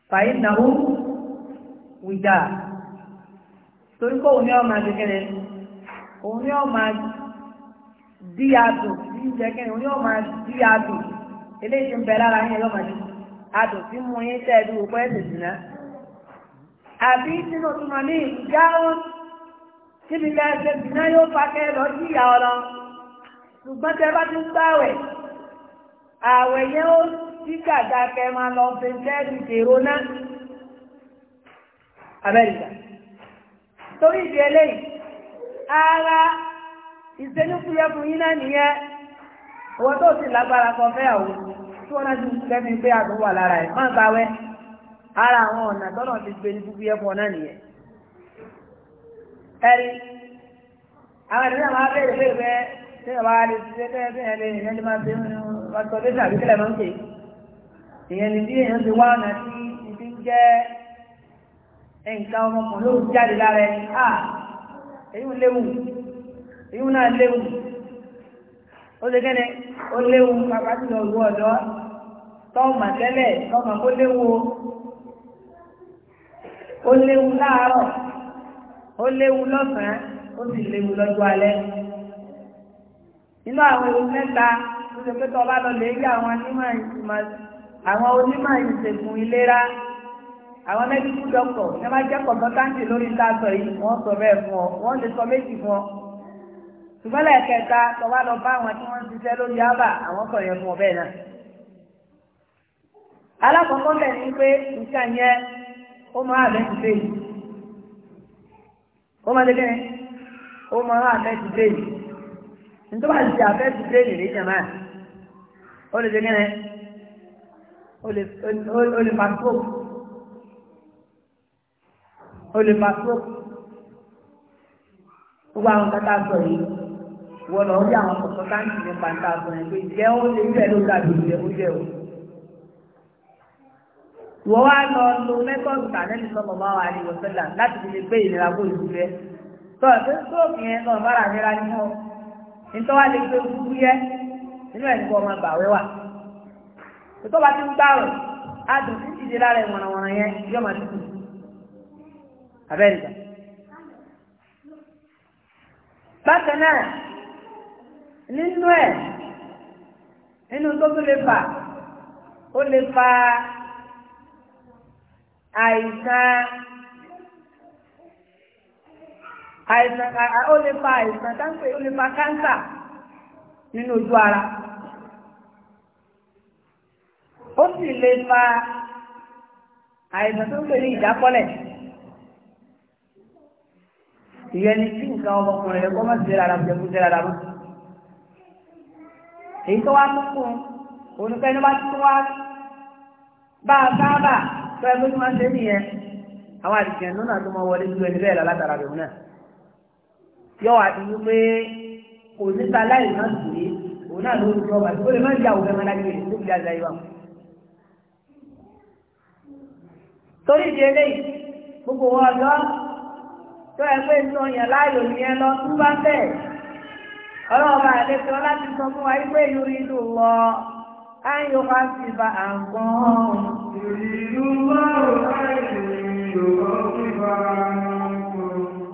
fàyín náà wìjà torí kó òun ní ọmọ àgbẹ̀kẹ́rẹ́ òun ní ọmọ dí adùn sí ìjẹ́kẹ́rẹ́ òun ní ọmọ dí adùn eléyìí ń bẹ níbi ká ẹsẹ̀ ìdìná yóò fa kẹ́ lọ sí ìyá ọlọ ṣùgbọ́n tẹ bá ti ń gbàwẹ̀ àwẹ̀ yẹn ó sí gàgà kẹ máa lọ fẹsẹ̀ ìdèrò náà Amẹ́ríkà torí ìdí eléyìí ara ìsẹ́nukúyẹ fún yín náà nìyẹn owó tó sì lágbára kan fẹ́ àwọn tí wọ́n náà ti lẹ́nu pé àdúgbò wà lára ẹ̀ máa gbàwẹ̀ ara àwọn ọ̀nà tọ́nà ti gbé ní kúkúyẹ fún ọ náà nìyẹn ẹ̀rí àwọn ìdílé máa bẹ̀rẹ̀ bẹ̀rẹ̀ bẹ́ẹ̀ tí wọ́n bá lè ṣe bẹ́ẹ̀ bẹ́ẹ̀ lè ìyẹn lè máa ṣe ń wọ́n tó tàbí kílẹ̀ máa ń ṣe ìyẹn lè bí èèyàn ti wá ọ̀nà tí ibi ń jẹ́ nǹkan ọmọkùnrin ló jáde lára ẹni à èyí ń léwu èyí ń náà léwu ó ṣe kẹ́ni ó léwu pàpà tí lọ wọ ọ̀dọ́ tọ́ọ̀mà tẹ́lẹ̀ tọ́ọ̀mà kó léwu ó léwu láàárọ̀ ó léwu lọ́sàn-án ó sì léwu lọ́jọ́ alẹ́ nínú àwọn ewu mẹ́ta tó ṣe pé tọ́ba lọ lè rí àwọn onímọ̀ ìmọ̀ àwọn onímọ̀ ìṣègùn ìlera àwọn mẹ́díkù dọ́kọ̀ ní wọ́n jẹ́ kọ̀ǹtọ́táǹtì lórí sáàtọ̀ yìí wọ́n sọ bẹ́ẹ̀ fún ọ wọ́n lè sọ méjì fún ọ ṣùgbọ́n lẹ́ẹ̀kẹta tọ́ba lọ bá àwọn tí wọ́n ń ṣiṣẹ́ lórí ábà àwọn sọ yẹn fún ọ bẹ́ẹ̀ náà alákọ̀ọ́kọ́ bẹ̀ ni pé nǹkan yẹn ó máa bẹ́ẹ̀ ṣe yìí ó máa lékè ó máa rán àfẹ́tì bẹ́ẹ̀lì nítorí wàá ti àfẹ́tì bẹ́ẹ̀lì rí jàmá ó lè lékè ó lè pàṣọ ó lè pàṣọ gbogbo àwọn kata sọ yìí wọ́n lọ rí àwọn kọ̀ọ̀kan táǹkì nípa nípa sọ yẹn pé ìjẹ́ ó lè jẹ́ ló dàbí ìjẹ́ ó jẹ́ o wọ́n wá lọ lo mẹ́tọ́ọ̀dù tànẹ́lì sọ́mọ bá wà ní ìwọ̀sẹ́là láti fi lè gbé ìlera bó ìlú rẹ tọ́ ẹ̀ tó sóòkì yẹn náà bára nira ní wọn nítorí wá lè gbé gbúgbú yẹ nínú ẹ̀ ní kó ọmọ gbà wẹ́wà tó bá ti ń gbà rẹ̀ adùn sí ti di lára ìwọ̀nàwọ̀nà yẹn yóò máa dùn abẹ́rẹ́ta. bákan náà nínú ẹ̀ nínú tó tún lè fà ó lè fà á àìsàn àìsàn ó lè fa àìsàn káńsà ó lè fa káńsà nínú ojú ara ó sì lè fa àìsàn tó ń pè ní ìdákọ́lẹ̀ ìyẹn ni tí nǹkan ọmọkùnrin rẹ̀ kọ́ mọ̀ sí rárá jẹ́ fún sí rárá mọ́ èyí tó wá mú fún un òun pẹ́ ní wá tó wá bá a sábà. tó ẹgbẹ́ tó máa ṣe nìyẹn àwọn àdìjẹ́ nínú àti ọmọ wọlé ju ẹni bẹ́ẹ̀ lọ látara rẹ̀ náà yọ àti wípé kò níta láì má sí òun náà ló ń sọ wà tó lè má jà òun tó fi àjà ìwà. torí gbogbo wọn lọ tó láàyò yẹn lọ tó bá àlejò láti sọ fún wa lọ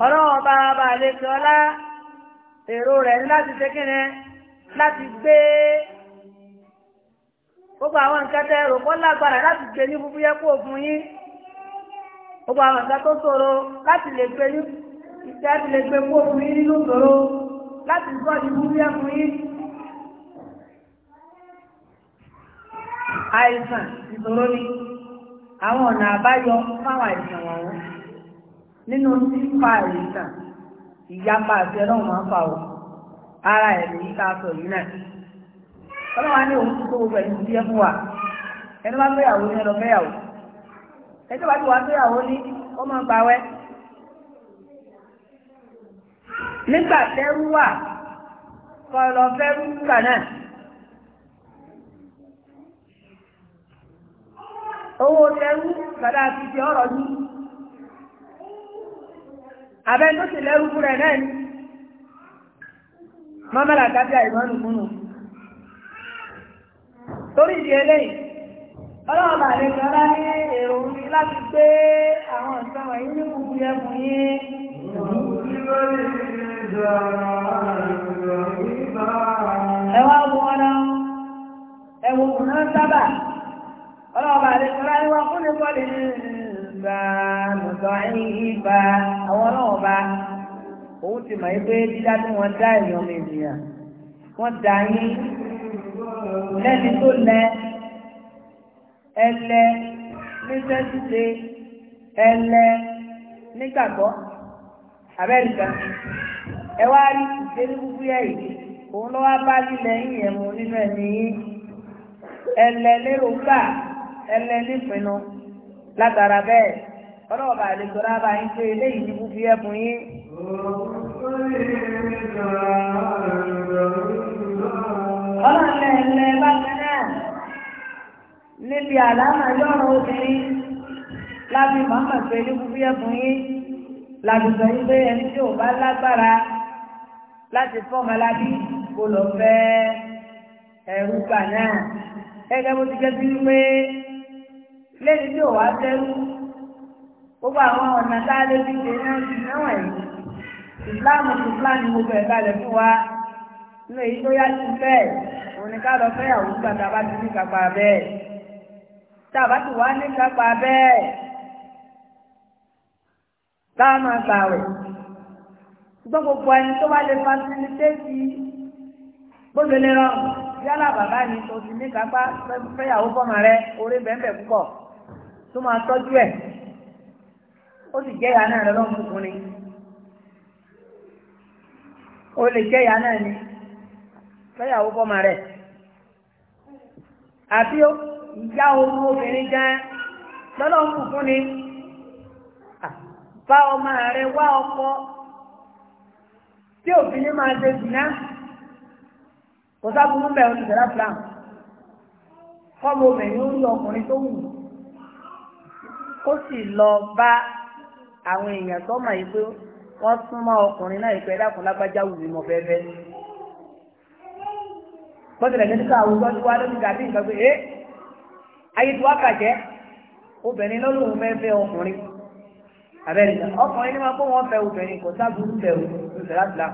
ọlọ́wọ́ bá bá lè fi ọlá èrò rẹ̀ láti ṣe kíni láti gbé gbogbo àwọn nǹkan tẹ kọ́ lágbára láti gbé ní fúfúyẹ́ kó fún yín gbogbo àwọn nǹkan tó ṣòro láti lè gbé ní ìṣẹ́ láti lè gbé kó fún yín nínú ṣòro láti gbọ́ ní fúfúyẹ́ fún yín. àìsàn ìṣòro ni àwọn ọ̀nà àbáyọ fáwọn àìsàn wọ̀nyí nínú tí ń fa àìsàn ìyapa àti ọlọ́run máa ń fa o ara ẹ̀ lè yíká sọ yìí náà ọlọ́run á ní òun tó gbogbo ẹ̀yìn sí ẹ fún wa ẹni bá fẹ́yàwó ní ẹlọ fẹ́yàwó ẹjọ́ bá ti wá fẹ́yàwó ní ó máa ń gbawẹ́ nígbà tẹ́rú wà kọ́ ọ lọ fẹ́rú nígbà náà. owó lẹ́rú bàdá àti ti ọ̀rọ̀ ní abẹ́ tó ti lẹ́rú fún rẹ̀ náà ni mọ́mọ́lá kábíà ìmọ̀nù múnù torí ìdí eléyìí ọlọ́wọ́ bá lè gbọ́dá ní èrò ní láti gbé àwọn nǹkan ní náà sábà. ọlọ́ọ̀bà àdéṣọ́lá ni wọ́n fún ní kọ́lé ní ìgbà mọ̀tọ́ ìgbà àwọn ọlọ́ọ̀bà òun ti mọ̀ pé dídá tí wọ́n dá èèyàn ọmọ ènìyàn wọ́n dá yín lẹ́ni tó lẹ ẹlẹ níṣẹ́ ṣíṣe ẹlẹ nígbàgbọ́ abẹ́rìkà ẹ wá rí ìṣẹ́lú kúkú yẹ yìí òun lọ́wọ́ bá lílẹ̀ yìnyẹn nínú ẹ̀mí ẹlẹ lérò gbà ẹlẹ́ nípinnu látara bẹ́ẹ̀ ọlọ́ọ̀bà àlejò rábà ń pé eléyìí ní fífi ẹ̀bùn yín. ọlọ́ọ̀lẹ́ ẹ̀lẹ́ bákan náà níbi àlámà yọ̀rọ̀ obìnrin lábí màmá pé ní fífi ẹ̀bùn yín làbùsọ̀ yín pé ẹni tí ò bá lágbára láti fọ́ọ̀mù alábí kò lọ fẹ́ ẹ̀rú gbà náà ẹgbẹ́ bó ti jẹ́ sí wípé lẹ́yìn tí ò wá tẹ́rù gbogbo àwọn ọ̀nà tá a lè fi ṣe náà ti náwọ̀ ẹ̀yìn ìsìláàmù ti fúlàní gbogbo ẹ̀ balẹ̀ fún wa nínú èyí tó yá sí bẹ́ẹ̀ òun ni ká lọ fẹ́ àwọn ìgbà tá a bá ti ní kápá bẹ́ẹ̀ tá a bá ti wá ní kápá bẹ́ẹ̀ ká máa gbà wẹ̀ ṣùgbọ́n gbogbo ẹni tó bá lè fasilitéètì bóṣe lè rọrùn yálà bàbá ni tó ti ní kápá fẹ́yàwó fọ́mọ rẹ orí bẹ́ẹ̀ bẹ́ẹ̀ púpọ̀ tó máa tọ́jú ẹ̀ ó sì jẹ́ ìyá náà lọ́lọ́run fúnfun ni ó lè jẹ́ ìyá náà ni fẹ́yàwó fọ́mà rẹ̀ àbí ìyá ohun obìnrin gan lọ́lọ́run fúnfun ni bá ọmọ rẹ̀ wá ọkọ tí òfin ní máa ṣe jù náà kò sábúrú bẹ́ẹ̀ oníṣẹ́lá flam kọ́mọ obìnrin ó rí ọkùnrin tó wù ú kó sì lọ bá àwọn èèyàn tó mọ̀ yìí pé wọ́n súnmọ́ ọkùnrin náà ìpẹ́ dákun lágbájá wù mọ̀ fẹ́fẹ́. gbọ́dọ̀lẹ̀ ní ká ọkùnrin ní máa kó wọn fẹ́ obìnrin kò sábúrú fẹ́ o ìṣẹ̀lábìlà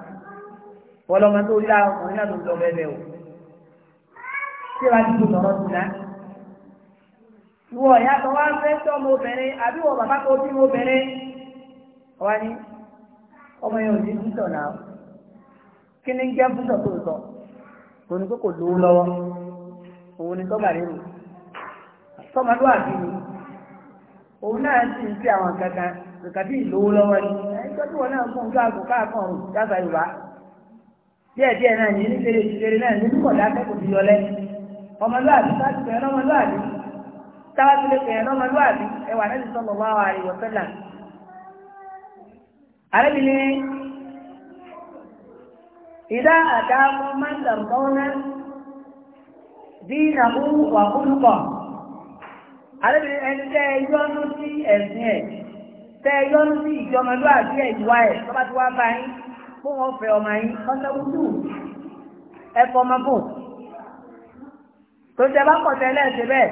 wọ́n lọ́mọ tó rí lára ọkùnrin náà ló lọ fẹ́ fẹ́ o. tí wàá ti tó lọ́rọ́ ìwọ ìyá kan wá fẹ́ tọ́ ọmọ obìnrin àbí wọ bàbá kan bí obìnrin wá ní ọmọ yẹn ò ní bùsọ̀ náà kí ni sọ kò ní lówó lọ́wọ́ òun ni sọ́gbà rírù sọ́mọlúwàbí ni òun náà sì ń fi àwọn kankan kankan bí ìlówó ni ẹjọ́ tí wọn náà fún yorùbá náà ní náà ní kọ̀dá ti yọ ọmọlúwàbí sáà ti táwa ti lè pèèyàn náà ọmọlúwàbí ẹwà náà ti sọ̀rọ̀ wá wa àríwọ̀ sọ́là. àrẹ́bí ni ìdá àdáàmú máa ń dàrú lọ́wọ́ná bí ìnáwó wà fúnukọ̀. àrẹ́bí ni ẹni tẹ́ ẹ yọ́nú sí ẹ̀sìn ẹ̀ tẹ́ ẹ yọ́nú sí ìjọmọlúwàbí ẹ̀ ìwà ẹ̀ tọ́ba ti wá bá yín fún wọn fẹ́ ọmọ yín ọ̀sẹ̀wùtù ẹ̀fọ́ ọmọ bò. tó bá kọ̀ tẹ́lẹ̀ ṣe bẹ́ẹ̀.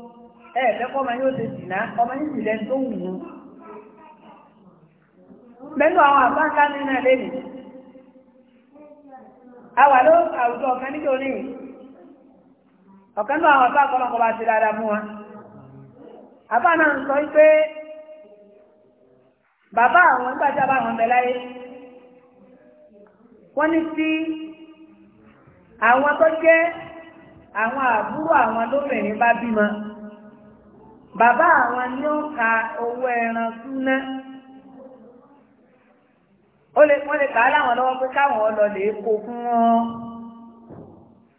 ẹ̀ẹ̀fẹ́ ma yóò ṣe sì náà ọmọ yìí sì lẹ tó wù ú àwọn àbáńká a wà ló àwùjọ ọ̀kan níjọ ní ọ̀kan náà àwọn àbá bá ti dáadáa mú wa àbá náà ń sọ pé bàbá àwọn nígbà tí a bá wọn bẹ láyé wọ́n ní sí àwọn tó jẹ́ àwọn àbúrò àwọn bàbá àwọn ni ó ka owó ẹran súná ó wọ́n lè kà láwọn lọ́wọ́ pé káwọn ọlọ lè kó fún wọn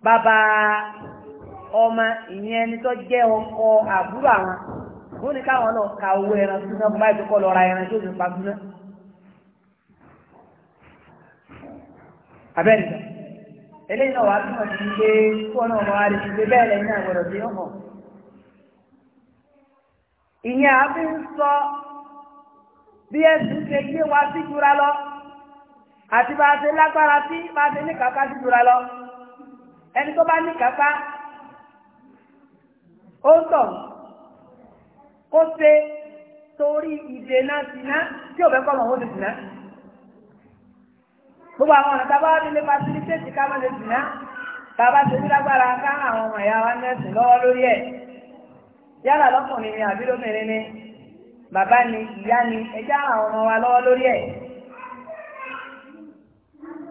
bàbá ọmọ ìyẹn ẹni tó jẹ́ ọkọ àbúrò àwọn ó ní káwọn lọ ka owó ẹran súná báyìí tó kọ́ lọ ra ẹran tó ti pa abẹ́rẹ́ eléyìí náà wàá túmọ̀ sí pé náà wọ́n á lè fi bẹ́ẹ̀ lẹ́yìn ìyẹn a fi ń sọ bí ẹsùn ṣe yé wa sí jura lọ àti bá a ṣe lágbára sí bá a ṣe ní kàkà sí jura lọ ẹni tó bá ní kàkà ó tọ̀ ó ṣe torí ìdènà sínà tí ò fẹ́ kọ́ ọmọ òun ti sínà gbogbo àwọn ọ̀nà tábà nílé fasilitéètì ká má lè sínà bàbá ṣe ní lágbára ká àwọn ọmọ ìyá wa ní ẹ̀sìn lọ́wọ́ lórí ẹ̀. yálà lọ́kùnrin ni àbí lómìnrin ni bàbá ni ìyá ni ẹjẹ́ àwọn ọmọ wa lọ́wọ́ lórí ẹ̀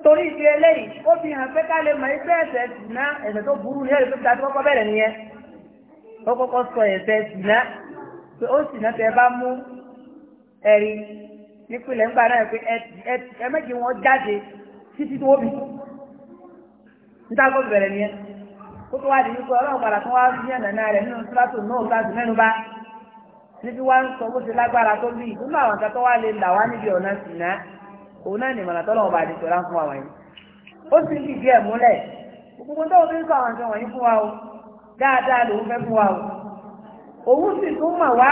torí ìdí eléyìí ó fi hàn pé ká lè mọ ẹgbẹ́ tó burú ní ẹ̀ṣẹ̀ tó ta tó kọ́kọ́ bẹ̀rẹ̀ nìyẹn ó kọ́kọ́ sọ pé ó tẹ́ bá mú ẹ̀rí nípìnlẹ̀ ńgbà náà pé ẹ méjì wọn jáde títí tó wọ́n bì bẹ̀rẹ̀ nìyẹn. ó tó wá di wípé ọlọ́run padà tún wá bí ẹ̀nàná rẹ̀ nínú sílátò náà láti mẹ́nu níbi wá ń sọ bó ṣe lágbára tó bí nínú àwọn tó wá lè là wá níbi ọ̀nà òun náà di fún wa wọ̀nyí ó sì ń fìdí ẹ̀ múlẹ̀ gbogbo tó ń sọ àwọn nǹkan wọ̀nyí fún wa o dáadáa lòun fẹ́ fún wa o òun sì tún mọ̀ wá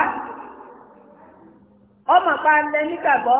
ọmọ pa lẹ nígbàgbọ́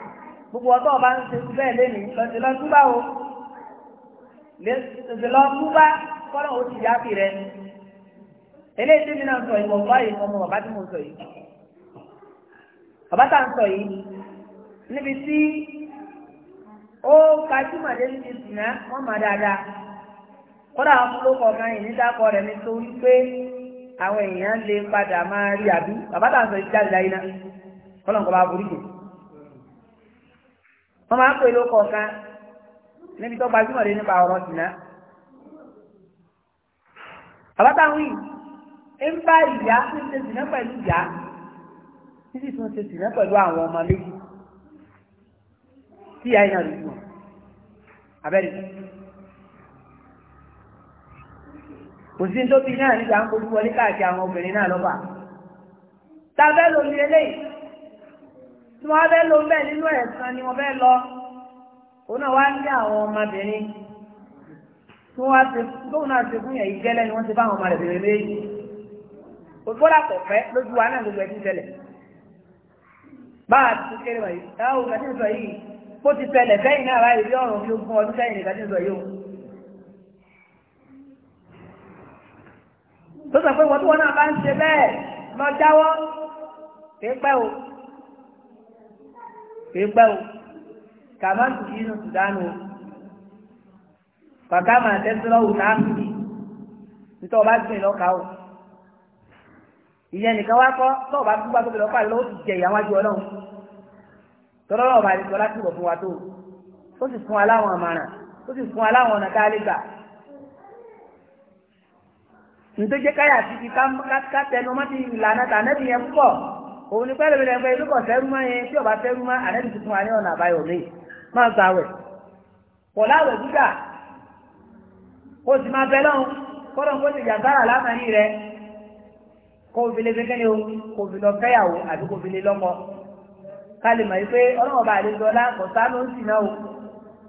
gbogbo ọtọ́ ọba ń ṣe kú bẹ́ẹ̀ lé nìyí lọ́sẹ̀ lọ túbà o lọ́sẹ̀ lọ túbà kọ́nà ó ti yá fi rẹ eléyìí tí mi náà sọ ìwọ̀n bá yìí ọmọ bàbá tí mo sọ yìí bàbá tá à ń sọ yìí níbi tí ó gbajúmọ̀ lé ní ìsìnà wọ́n mọ̀ dáadáa kódà àwọn olóko kan yìí ní dákọ̀ rẹ̀ nítorí pé àwọn èèyàn lè padà máa rí àbí bàbá tá à ń sọ yìí jáde láyé náà kọ́nà kọ́ bá burú jù. wọ́n máa ń pè ló kọ̀ọ̀kan níbi tó gbajúmọ̀ lé nípa ọ̀rọ̀ sìnà. àbátàwí ń bá ìyá ń ṣe sìnà pẹ̀lú ìyá títí tún ṣe sìnà pẹ̀lú àwọn ọmọ méjì tí ìyá yẹn rí wọn abẹ́rẹ́ kò sí náà nígbà ń kojú wọlé àwọn obìnrin tí wọ́n fẹ́ lọ bẹ́ẹ̀ nínú ẹ̀sán ni wọ́n fẹ́ lọ òun náà wá ní àwọn ọmọbìnrin tí wọ́n wá ṣe tóun náà ṣe fún yẹn yìí gẹ́lẹ́ ni wọ́n ṣe fáwọn ọmọ rẹ̀ bèrè méjì òfò làkọ̀ fẹ́ lójú wa náà gbogbo ẹ̀ ti ṣẹlẹ̀ báà ti kéré wáyé táwọn òkè tí ń sọ yìí bó ti ṣẹlẹ̀ sẹ́yìn náà ráyè bí ọ̀rùn fi ogún ọdún sẹ́yìn nìkan tí ń sọ yìí o. tó sọ pé wọ́n tí wọ́n náà bá ń ṣe bẹ́ẹ̀ lọ jáwọ́ kéé o pé pẹ́ o kàmáǹtì yìí nù sùdánù o kàkà máa tẹ́sílọ́ wù láàfíì nítorí ọba gbìn lọ́ka o ìyẹn nìkan wá kọ́ tó ọba gbúgbà tó bẹ̀rẹ̀ ọ̀pá lọ́wọ́ ti jẹ ìyàwó àjọ ọlọ́run tọ́lọ́rọ́ ọba àti tọ́lá tìbọ̀ fún wa tó ó sì fún wa láwọn àmàràn ó sì fún wa láwọn ọ̀nà tá a lè gbà nítorí jẹ́ káyà ti fi ká tẹnu mọ́ ti ìlànà tànẹ́bì yẹn púpọ̀ òun ni pẹ́lú ìrìn ẹgbẹ́ ìlúkọ̀ sẹ́rúmọ́ yẹn tí ọba sẹ́rúmọ́ àlẹ́bí tuntun àní ọ̀nà àbáyọ mi máa gba àwẹ̀ pọ̀ láwẹ̀ gíga kó sì máa bẹ lọ́hùn kọ́dọ̀ kó sì jàǹbára lámàní rẹ kó fi lè fẹ́kẹ́ ni o kó fi lọ fẹ́yàwó àbí kó fi lè lọ́mọ ká lè mọ̀ pé ọlọ́wọ́ bá àlejò ọlá kò sánú sì náà o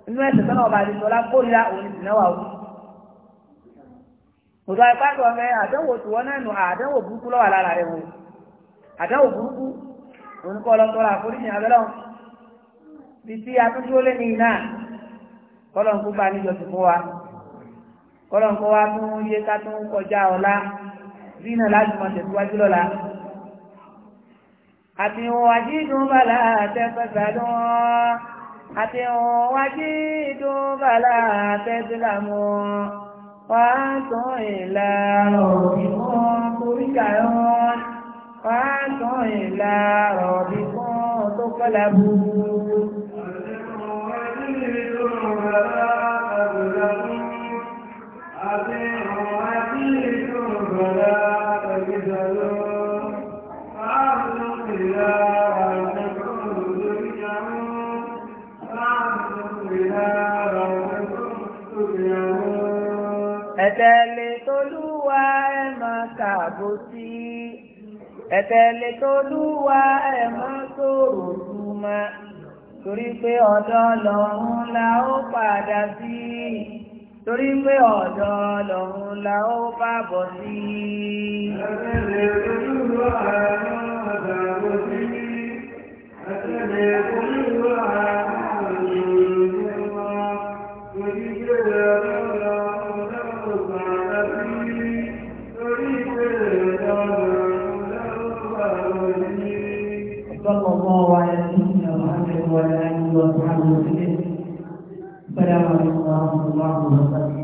inú ẹ̀sẹ̀ tọ́lọ́wọ́ bá àlejò ọlá kórìíra òun sì náà wà o òtò àìpá àdánwò tìwọ́n náà àdáwò burúkú òun kọ́ lọ́kọ́ra àforíjì abẹ́lọ́n bí tí atúndúró lé ní iná kọ́lọ́n kó bá níjọ tó fún wa kọ́lọ́n kó wa tún yé ká tún kọjá ọ̀la bí iná láti mọ̀ tẹ̀síwájú lọ́la. àti wàjí dùn bàlá àtẹ́fẹ́fẹ́ dùn àti wàjí dùn bàlá àtẹ́fẹ́fẹ́ mọ́ wàá tún ìlà òyìnbó oríkà yọ̀ fàátọ̀ ìlà ọ̀bí kan tó kọ́lá búrú. Àti àwọn àti ìlú ọ̀rọ̀ ẹ̀tẹ̀lẹ̀ tó lúwa ẹ̀ máa sòrò túmọ̀ torí pé ọ̀dọ̀ lọ́run la ó padà sí torí pé ọ̀dọ̀ lọ́run la ó bá bọ̀ sí. ẹ̀tẹ̀lẹ̀ tó lúwa ẹ̀ máa sòrò túmọ̀ ẹ̀tẹ̀lẹ̀ tó lúwa ẹ̀ máa sòrò وعلى نبينا محمد وعلى اله وصحبه وسلم السلام عليكم ورحمه الله وبركاته